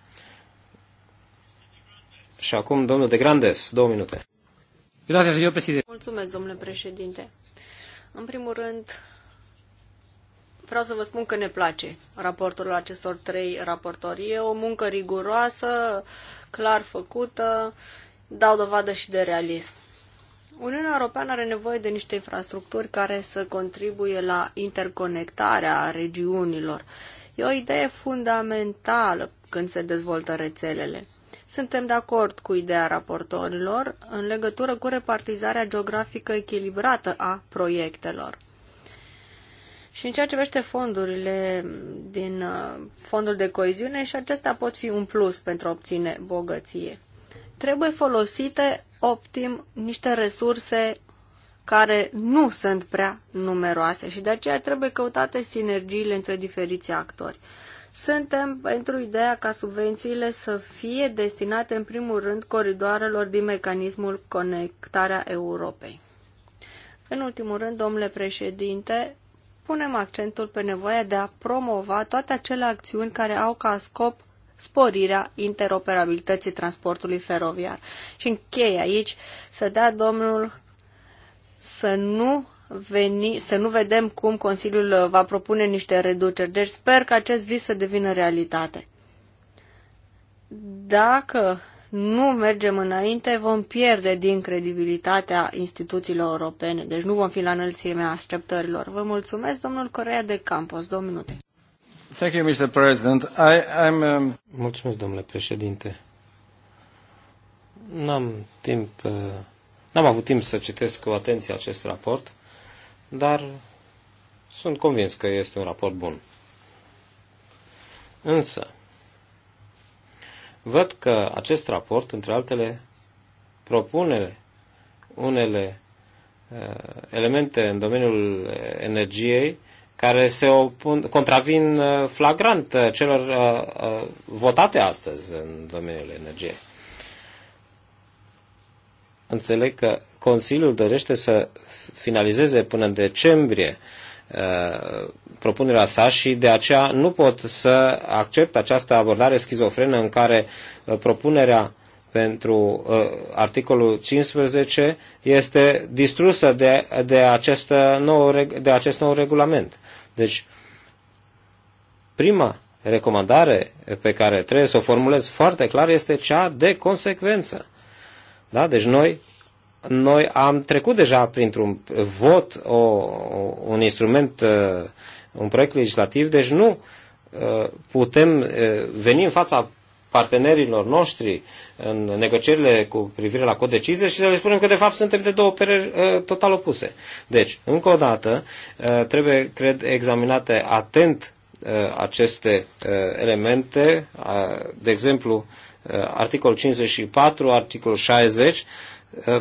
Și acum domnul de Grandes, două minute. Mulțumesc, domnule președinte. În primul rând, vreau să vă spun că ne place raportul acestor trei raportori. E o muncă riguroasă, clar făcută, dau dovadă și de realism. Uniunea Europeană are nevoie de niște infrastructuri care să contribuie la interconectarea regiunilor. E o idee fundamentală când se dezvoltă rețelele. Suntem de acord cu ideea raportorilor în legătură cu repartizarea geografică echilibrată a proiectelor. Și în ceea ce privește fondurile din uh, fondul de coeziune, și acestea pot fi un plus pentru a obține bogăție trebuie folosite optim niște resurse care nu sunt prea numeroase și de aceea trebuie căutate sinergiile între diferiți actori. Suntem pentru ideea ca subvențiile să fie destinate în primul rând coridoarelor din mecanismul Conectarea Europei. În ultimul rând, domnule președinte, punem accentul pe nevoia de a promova toate acele acțiuni care au ca scop sporirea interoperabilității transportului feroviar. Și închei aici să dea domnul să nu veni, să nu vedem cum Consiliul va propune niște reduceri. Deci sper că acest vis să devină realitate. Dacă nu mergem înainte, vom pierde din credibilitatea instituțiilor europene. Deci nu vom fi la înălțimea așteptărilor. Vă mulțumesc, domnul Corea de Campos. Două minute. Thank you, Mr. President. I, I'm, um... Mulțumesc, domnule președinte. N-am timp, uh, n-am avut timp să citesc cu atenție acest raport, dar sunt convins că este un raport bun. Însă, văd că acest raport, între altele, propune unele uh, elemente în domeniul energiei care se opun, contravin uh, flagrant uh, celor uh, votate astăzi în domeniul energiei. Înțeleg că Consiliul dorește să finalizeze până în decembrie propunerea sa și de aceea nu pot să accept această abordare schizofrenă în care propunerea pentru uh, articolul 15 este distrusă de, de, acest nou, de acest nou regulament. Deci, prima recomandare pe care trebuie să o formulez foarte clar este cea de consecvență. Da? Deci noi, noi am trecut deja printr-un vot o, un instrument, uh, un proiect legislativ, deci nu uh, putem uh, veni în fața partenerilor noștri în negocierile cu privire la codecizie și să le spunem că de fapt suntem de două uh, total opuse. Deci, încă o dată, uh, trebuie, cred, examinate atent uh, aceste uh, elemente, de exemplu, articolul 54, articolul 60,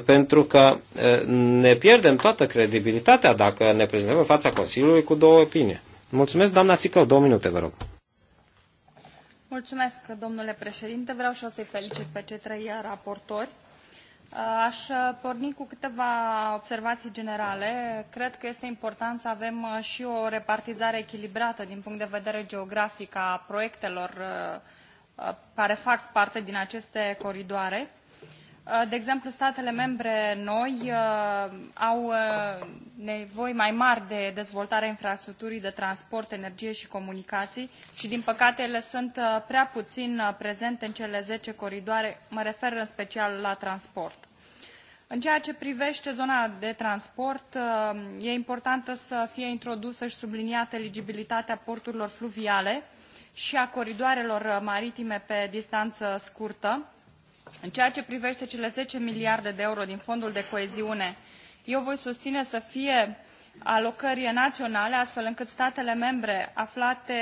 pentru că ne pierdem toată credibilitatea dacă ne prezentăm în fața Consiliului cu două opinie. Mulțumesc, doamna Țicău, două minute, vă rog. Mulțumesc, domnule președinte. Vreau și eu să-i felicit pe cei trei raportori. Uh, aș uh, porni cu câteva observații generale. Cred că este important să avem uh, și o repartizare echilibrată din punct de vedere geografic a proiectelor care fac parte din aceste coridoare Uh, de exemplu, statele membre noi uh, au uh, nevoi mai mari de dezvoltarea infrastructurii de transport, energie și comunicații și, din păcate, ele sunt prea puțin prezente în cele zece coridoare, mă refer în special la transport. În ceea ce privește zona de transport, e importantă să fie introdusă și subliniată eligibilitatea porturilor fluviale și a coridoarelor maritime pe distanță scurtă, în ceea ce privește cele zece miliarde de euro din fondul de coeziune, eu voi susține să fie alocări naționale, astfel încât statele membre aflate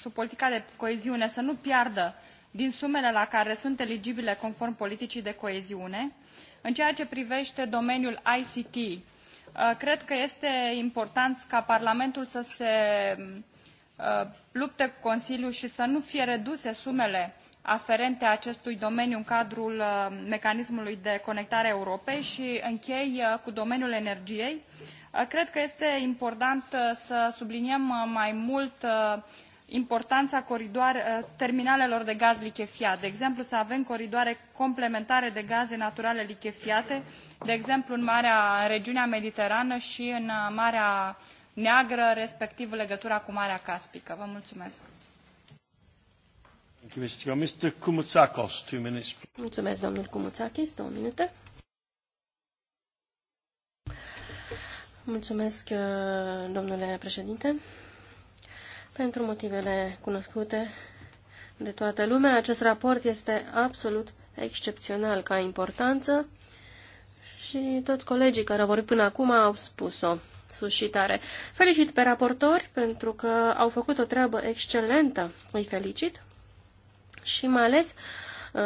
sub politica de coeziune să nu piardă din sumele la care sunt eligibile conform politicii de coeziune. În ceea ce privește domeniul ICT, uh, cred că este important ca Parlamentul să se uh, lupte cu Consiliul și să nu fie reduse sumele aferente acestui domeniu în cadrul uh, mecanismului de conectare a Europei și închei uh, cu domeniul energiei. Uh, cred că este important să subliniem mai mult importanța terminalelor de gaz lichefiat. De exemplu, să avem coridoare complementare de gaze naturale lichefiate, de exemplu în, Marea, în regiunea mediterană și în Marea Neagră, respectiv legătura cu Marea Caspică. Vă mulțumesc! Mulțumesc, domnul Kumutsakis, două minute. Mulțumesc, uh, domnule președinte. Pentru motivele cunoscute de toată lumea, acest raport este absolut excepțional ca importanță și toți colegii care au vorbit până acum au spus-o sus și tare. Felicit pe raportori pentru că au făcut o treabă excelentă. Îi felicit și mai ales uh,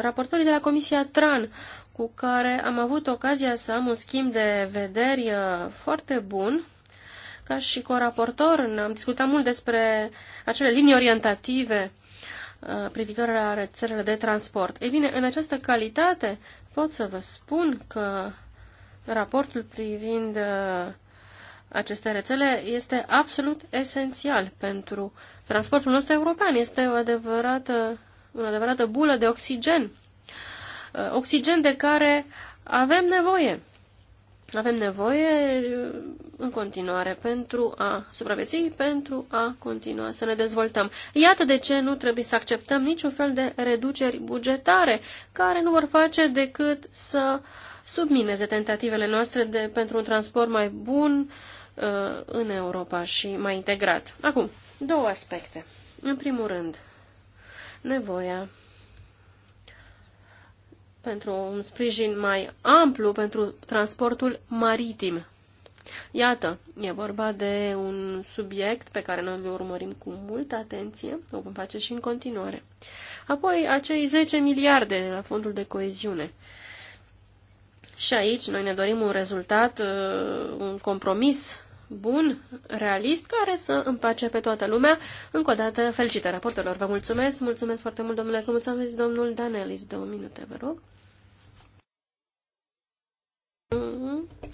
raportorii de la Comisia TRAN, cu care am avut ocazia să am un schimb de vederi uh, foarte bun. Ca și cu raportor, am discutat mult despre acele linii orientative uh, privitoare la rețelele de transport. Ei bine, în această calitate pot să vă spun că raportul privind aceste rețele este absolut esențial pentru transportul nostru european. Este o adevărată, o adevărată bulă de oxigen. Uh, oxigen de care avem nevoie. Avem nevoie uh, în continuare pentru a supraviețui, pentru a continua să ne dezvoltăm. Iată de ce nu trebuie să acceptăm niciun fel de reduceri bugetare care nu vor face decât să submineze tentativele noastre de, pentru un transport mai bun, uh, Uh, în Europa și mai integrat. Acum, două aspecte. În primul rând, nevoia pentru un sprijin mai amplu pentru transportul maritim. Iată, e vorba de un subiect pe care noi îl urmărim cu multă atenție, o vom face și în continuare. Apoi, acei 10 miliarde la fondul de coeziune. Și aici noi ne dorim un rezultat, uh, un compromis bun, realist, care să împace pe toată lumea. Încă o dată, felicită raportelor. Vă mulțumesc, mulțumesc foarte mult, domnule Comuțaveți, domnul Danelis, două minute, vă rog. Mm-hmm.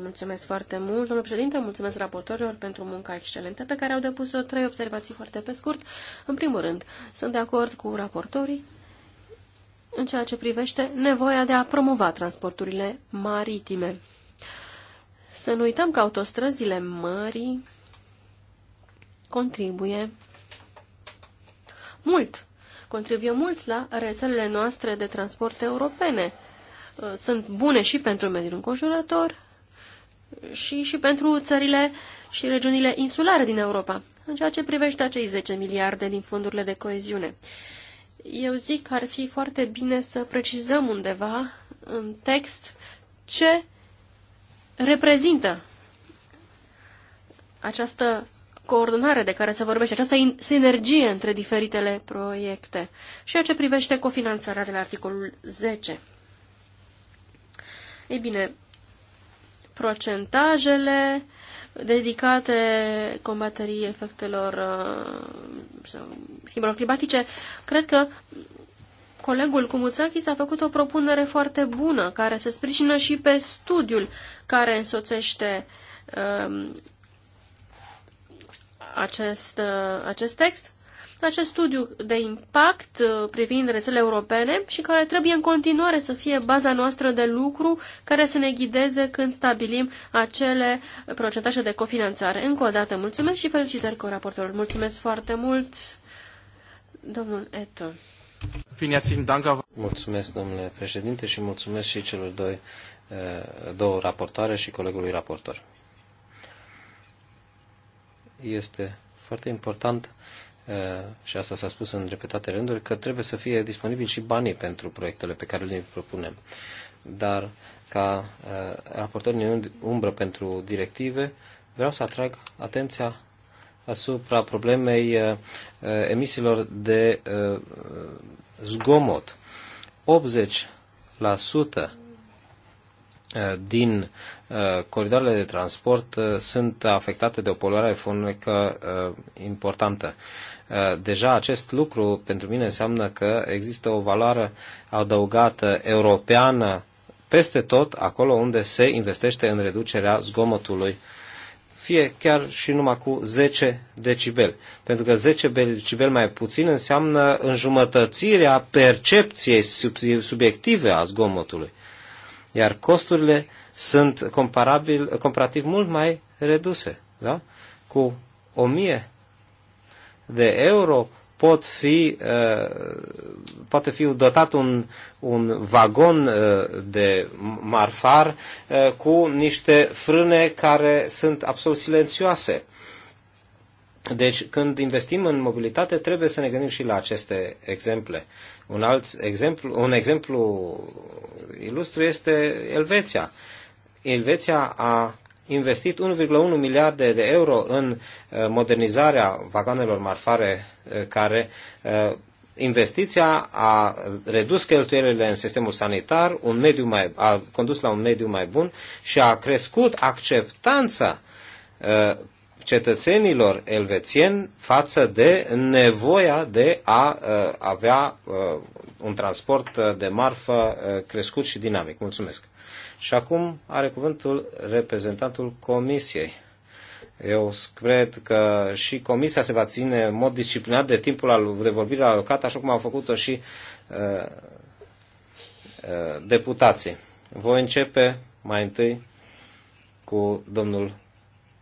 Mulțumesc foarte mult, domnul președinte, mulțumesc raportorilor pentru munca excelentă pe care au depus-o. Trei observații foarte pe scurt. În primul rând, sunt de acord cu raportorii în ceea ce privește nevoia de a promova transporturile maritime. Să nu uităm că autostrăzile mării contribuie mult, contribuie mult la rețelele noastre de transport europene. Uh, sunt bune și pentru mediul înconjurător și, și pentru țările și regiunile insulare din Europa, în ceea ce privește acei 10 miliarde din fondurile de coeziune. Eu zic că ar fi foarte bine să precizăm undeva în text ce reprezintă această coordonare de care se vorbește, această sinergie între diferitele proiecte și a ce privește cofinanțarea de la articolul 10. Ei bine, procentajele dedicate combaterii efectelor uh, schimbărilor climatice, cred că colegul s a făcut o propunere foarte bună care se sprijină și pe studiul care însoțește um, acest, uh, acest text, acest studiu de impact uh, privind rețele europene și care trebuie în continuare să fie baza noastră de lucru care să ne ghideze când stabilim acele procentaje de cofinanțare. Încă o dată mulțumesc și felicitări cu raportorul. Mulțumesc foarte mult, domnul Eto. Mulțumesc, domnule președinte, și mulțumesc și celor doi, eh, două raportoare și colegului raportor. Este foarte important eh, și asta s-a spus în repetate rânduri, că trebuie să fie disponibili și banii pentru proiectele pe care le propunem. Dar ca eh, raportor în umbră pentru directive, vreau să atrag atenția asupra problemei uh, uh, emisiilor de uh, zgomot. 80% din coridoarele de transport sunt afectate de o poluare fonică importantă. Deja acest lucru pentru mine înseamnă că există o valoare adăugată europeană peste tot acolo unde se investește în reducerea zgomotului fie chiar și numai cu 10 decibel, Pentru că 10 decibel mai puțin înseamnă înjumătățirea percepției subiective a zgomotului. Iar costurile sunt comparabil, comparativ mult mai reduse, da? cu 1000 de euro pot fi, uh, poate fi dotat un, un vagon uh, de marfar uh, cu niște frâne care sunt absolut silențioase. Deci, când investim în mobilitate, trebuie să ne gândim și la aceste exemple. Un alt exemplu, un exemplu ilustru este Elveția. Elveția a investit 1,1 miliarde de euro în uh, modernizarea vagoanelor marfare uh, care uh, investiția a redus cheltuielile în sistemul sanitar, un mediu mai, a condus la un mediu mai bun și a crescut acceptanța cetățenilor elvețieni față de nevoia de a avea un transport de marfă crescut și dinamic. Mulțumesc! Și acum are cuvântul reprezentantul Comisiei. Eu cred că și Comisia se va ține în mod disciplinat de timpul de vorbire alocat, așa cum au făcut-o și uh, uh, deputații. Voi începe mai întâi cu domnul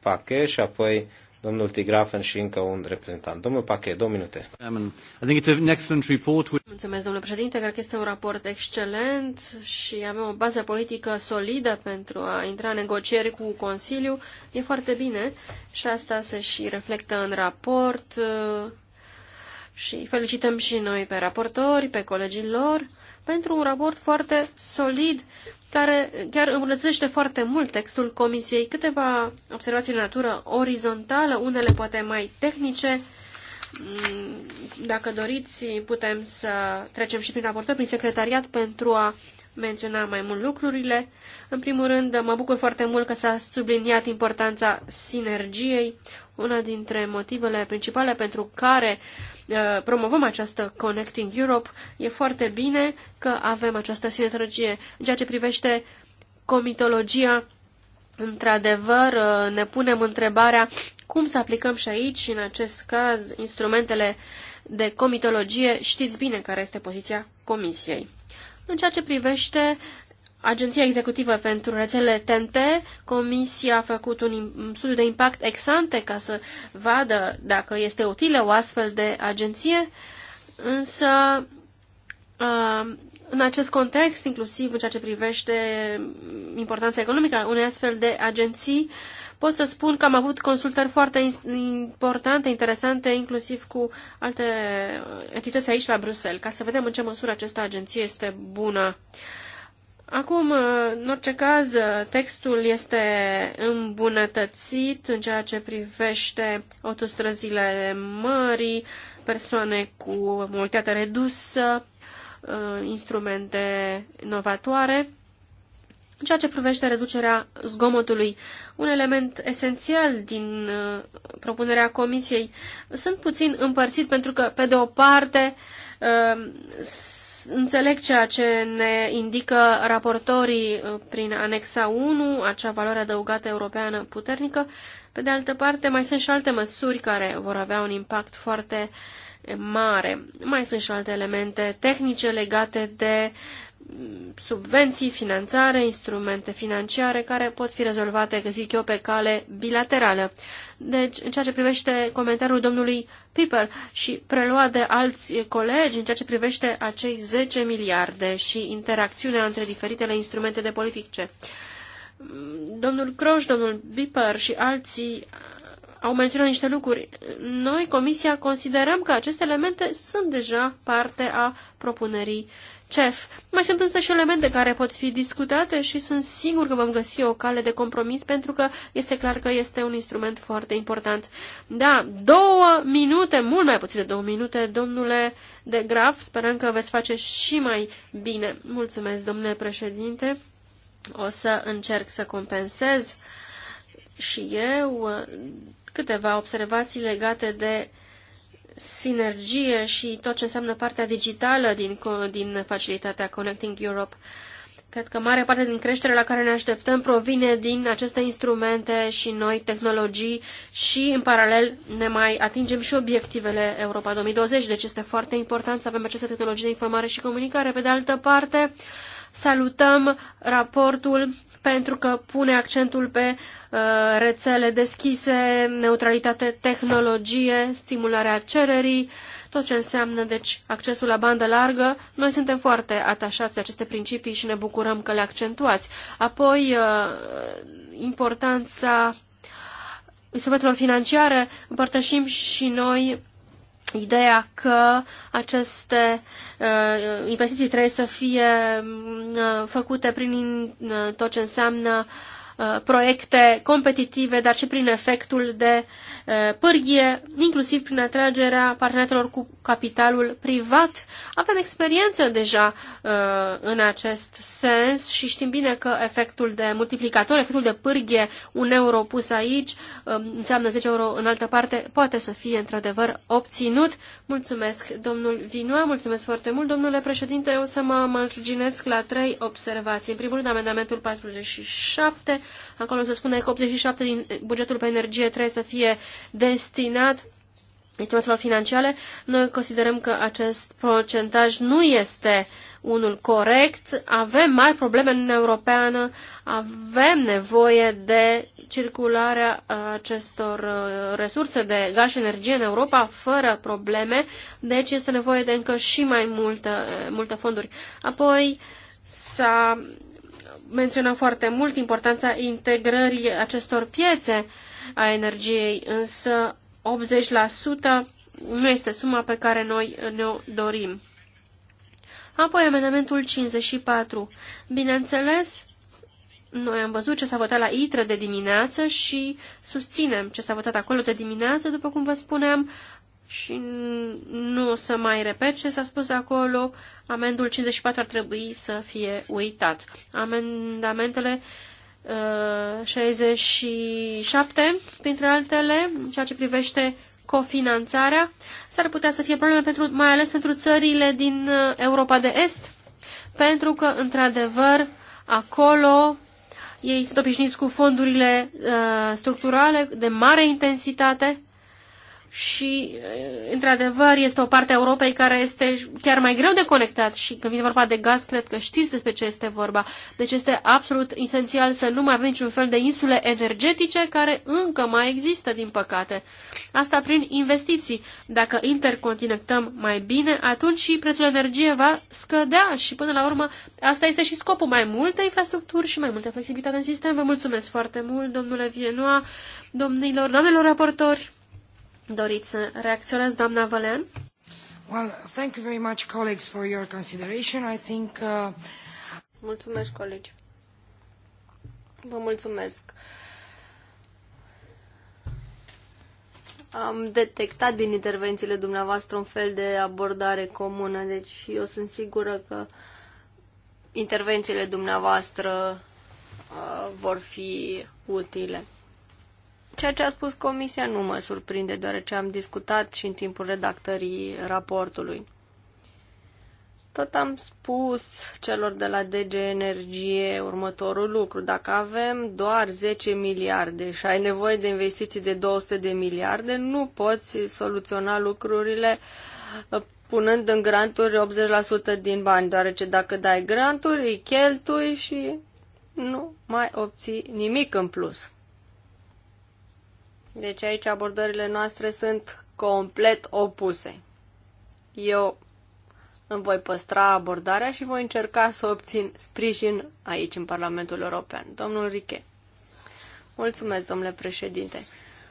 Pache și apoi domnul Tigrafen și încă un reprezentant. Domnul Pachet, două minute. Mulțumesc, domnule președinte. Cred că este un raport excelent și avem o bază politică solidă pentru a intra în negocieri cu Consiliu. E foarte bine și asta se și reflectă în raport uh, și felicităm și noi pe raportori, pe colegii lor pentru un raport foarte solid, care chiar îmbunătățește foarte mult textul Comisiei. Câteva observații de natură orizontală, unele poate mai tehnice. Mm, Dacă doriți, putem să trecem și prin raportul prin secretariat, pentru a menționa mai mult lucrurile. În primul rând, mă bucur foarte mult că s-a subliniat importanța sinergiei, una dintre motivele principale pentru care uh, promovăm această Connecting Europe. E foarte bine că avem această sinergie. În ceea ce privește comitologia, într-adevăr, uh, ne punem întrebarea cum să aplicăm și aici, în acest caz, instrumentele de comitologie. Știți bine care este poziția Comisiei. În ceea ce privește Agenția Executivă pentru Rețele TNT, Comisia a făcut un studiu de impact ex-ante ca să vadă dacă este utilă o astfel de agenție, însă uh, în acest context, inclusiv în ceea ce privește importanța economică a unei astfel de agenții, pot să spun că am avut consultări foarte importante, interesante, inclusiv cu alte uh, entități aici la Bruxelles, ca să vedem în ce măsură această agenție este bună. Acum, uh, în orice caz, uh, textul este îmbunătățit în ceea ce privește autostrăzile mării, persoane cu mobilitate redusă, instrumente novatoare. În ceea ce privește reducerea zgomotului, un element esențial din uh, propunerea comisiei, sunt puțin împărțit pentru că, pe de o parte, uh, înțeleg ceea ce ne indică raportorii uh, prin anexa 1, acea valoare adăugată europeană puternică, pe de altă parte, mai sunt și alte măsuri care vor avea un impact foarte mare. Mai sunt și alte elemente tehnice legate de subvenții, finanțare, instrumente financiare care pot fi rezolvate, zic eu, pe cale bilaterală. Deci, în ceea ce privește comentariul domnului Piper și preluat de alți colegi, în ceea ce privește acei 10 miliarde și interacțiunea între diferitele instrumente de politice. Domnul Croș, domnul Piper și alții au menționat niște lucruri. Noi, Comisia, considerăm că aceste elemente sunt deja parte a propunerii CEF. Mai sunt însă și elemente care pot fi discutate și sunt sigur că vom găsi o cale de compromis pentru că este clar că este un instrument foarte important. Da, două minute, mult mai puțin de două minute, domnule de Graf, sperăm că veți face și mai bine. Mulțumesc, domnule președinte. O să încerc să compensez și eu câteva observații legate de sinergie și tot ce înseamnă partea digitală din, din facilitatea Connecting Europe. Cred că mare parte din creșterea la care ne așteptăm provine din aceste instrumente și noi tehnologii și, în paralel, ne mai atingem și obiectivele Europa 2020, deci este foarte important să avem aceste tehnologii de informare și comunicare. Pe de altă parte, uh, Salutăm raportul pentru că pune accentul pe uh, rețele deschise, neutralitate, tehnologie, stimularea cererii, tot ce înseamnă deci accesul la bandă largă. Noi suntem foarte atașați de aceste principii și ne bucurăm că le accentuați. Apoi, uh, importanța instrumentelor financiare, împărtășim și noi ideea că aceste uh, investiții trebuie să fie uh, făcute prin uh, tot ce înseamnă Uh, proiecte competitive, dar și prin efectul de uh, pârghie, inclusiv prin atragerea partenerilor cu capitalul privat. Avem experiență deja uh, în acest sens și știm bine că efectul de multiplicator, efectul de pârghie, un euro pus aici um, înseamnă 10 euro în altă parte, poate să fie într-adevăr obținut. Mulțumesc, domnul Vinoa, mulțumesc foarte mult, domnule președinte. Eu o să mă mărginesc la trei observații. În primul rând, amendamentul 47 Acolo se spune că 87 din bugetul pe energie trebuie să fie destinat instrumentelor financiare. Noi considerăm că acest procentaj nu este unul corect. Avem mari probleme în Europeană, avem nevoie de circularea acestor uh, resurse de gaz și energie în Europa fără probleme, deci este nevoie de încă și mai multe, uh, multe fonduri. Apoi s-a menționăm foarte mult importanța integrării acestor piețe a energiei, însă 80% nu este suma pe care noi ne-o dorim. Apoi amendamentul 54. Bineînțeles, noi am văzut ce s-a votat la ITRE de dimineață și susținem ce s-a votat acolo de dimineață, după cum vă spuneam, și nu o să mai repet ce s-a spus acolo, amendul 54 ar trebui să fie uitat. Amendamentele uh, 67, printre altele, în ceea ce privește cofinanțarea, s-ar putea să fie probleme pentru, mai ales pentru țările din uh, Europa de Est, pentru că, într-adevăr, acolo ei sunt obișnuiți cu fondurile uh, structurale de mare intensitate, și, eh, într-adevăr, este o parte a Europei care este chiar mai greu de conectat și când vine vorba de gaz, cred că știți despre ce este vorba. Deci este absolut esențial să nu mai avem niciun fel de insule energetice care încă mai există, din păcate. Asta prin investiții. Dacă interconectăm mai bine, atunci și prețul energiei va scădea și, până la urmă, asta este și scopul. Mai multe infrastructuri și mai multă flexibilitate în sistem. Vă mulțumesc foarte mult, domnule Vienua, domnilor, doamnelor raportori. Doriți să reacționați, doamna Vălean? Well, thank you very much, colleagues, for your consideration. I think... Uh... Mulțumesc, colegi. Vă mulțumesc. Am detectat din intervențiile dumneavoastră un fel de abordare comună, deci eu sunt sigură că intervențiile dumneavoastră uh, vor fi utile. Ceea ce a spus Comisia nu mă surprinde, deoarece am discutat și în timpul redactării raportului. Tot am spus celor de la DG Energie următorul lucru. Dacă avem doar 10 miliarde și ai nevoie de investiții de 200 de miliarde, nu poți soluționa lucrurile uh, punând în granturi 80% din bani, deoarece dacă dai granturi, îi cheltui și nu mai obții nimic în plus. Deci aici abordările noastre sunt complet opuse. Eu îmi voi păstra abordarea și voi încerca să obțin sprijin aici, în Parlamentul European. Domnul Riche. Mulțumesc, domnule președinte.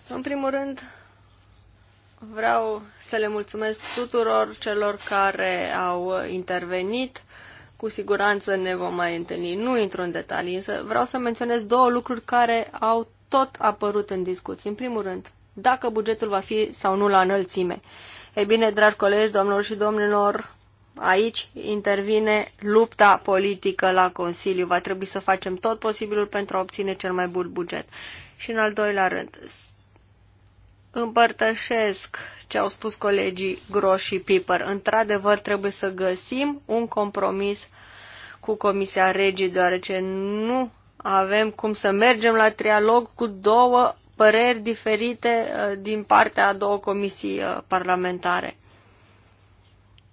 În primul rând, vreau să le mulțumesc tuturor celor care au intervenit. Cu siguranță ne vom mai întâlni. Nu intru în detalii, însă vreau să menționez două lucruri care au tot apărut în discuții. În primul rând, dacă bugetul va fi sau nu la înălțime. Ei bine, dragi colegi, domnilor și domnilor, aici intervine lupta politică la Consiliu. Va trebui să facem tot posibilul pentru a obține cel mai bun buget. Și în al doilea rând, împărtășesc ce au spus colegii Groș și Piper. Într-adevăr, trebuie să găsim un compromis cu Comisia Regii, deoarece nu avem cum să mergem la trialog cu două păreri diferite uh, din partea a două comisii uh, parlamentare.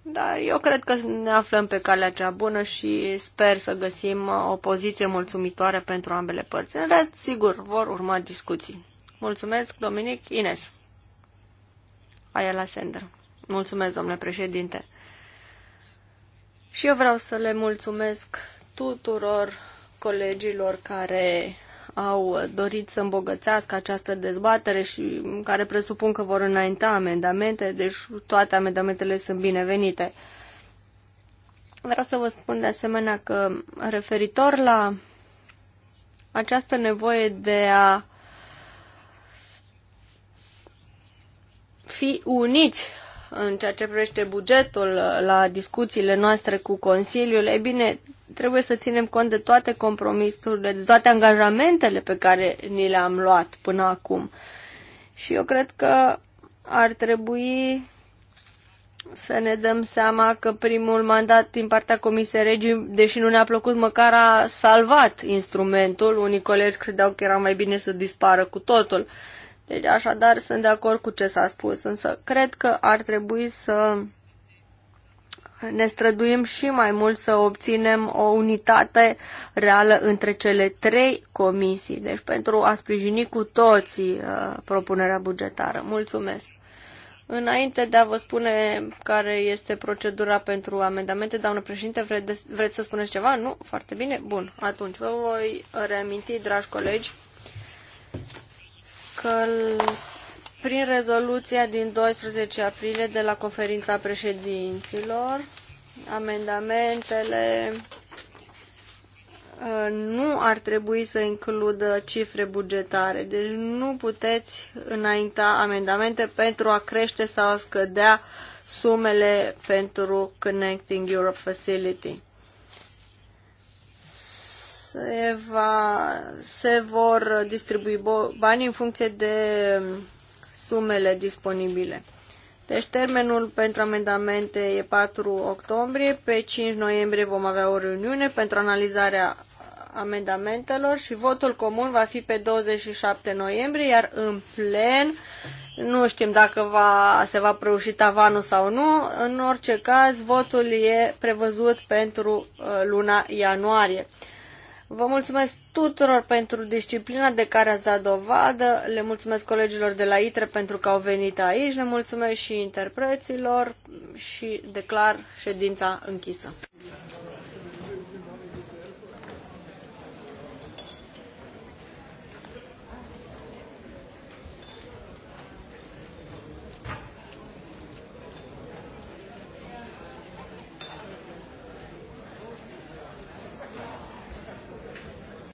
Dar eu cred că ne aflăm pe calea cea bună și sper să găsim uh, o poziție mulțumitoare pentru ambele părți. În rest, sigur, vor urma discuții. Mulțumesc, Dominic Ines. Aia la sender. Mulțumesc, domnule președinte. Și eu vreau să le mulțumesc tuturor colegilor care au dorit să îmbogățească această dezbatere și care presupun că vor înainta amendamente, deci toate amendamentele sunt binevenite. Vreau să vă spun de asemenea că referitor la această nevoie de a fi uniți în ceea ce privește bugetul uh, la discuțiile noastre cu Consiliul, e bine, trebuie să ținem cont de toate compromisurile, de toate angajamentele pe care ni le-am luat până acum. Și eu cred că ar trebui să ne dăm seama că primul mandat din partea Comisiei Regii, deși nu ne-a plăcut, măcar a salvat instrumentul. Unii colegi credeau că era mai bine să dispară cu totul. Uh, deci, așadar, sunt de acord cu ce s-a spus, însă cred că ar trebui să ne străduim și mai mult să obținem o unitate reală între cele trei comisii, deci pentru a sprijini cu toții uh, propunerea bugetară. Mulțumesc! Înainte de a vă spune care este procedura pentru amendamente, doamnă președinte, vreți, să spuneți ceva? Nu? Foarte bine? Bun. Atunci vă voi reaminti, dragi colegi, că prin rezoluția din 12 aprilie de la conferința președinților, amendamentele uh, nu ar trebui să includă cifre bugetare. Deci nu puteți înainta amendamente pentru a crește sau a scădea sumele pentru Connecting Europe Facility se, va, se vor distribui banii în funcție de sumele disponibile. Deci termenul pentru amendamente e 4 octombrie, pe 5 noiembrie vom avea o reuniune pentru analizarea amendamentelor și votul comun va fi pe 27 noiembrie, iar în plen nu știm dacă va, se va prăuși tavanul sau nu. În orice caz, votul e prevăzut pentru uh, luna ianuarie. Vă mulțumesc tuturor pentru disciplina de care ați dat dovadă, le mulțumesc colegilor de la ITRE pentru că au venit aici, le mulțumesc și interpreților și declar ședința închisă.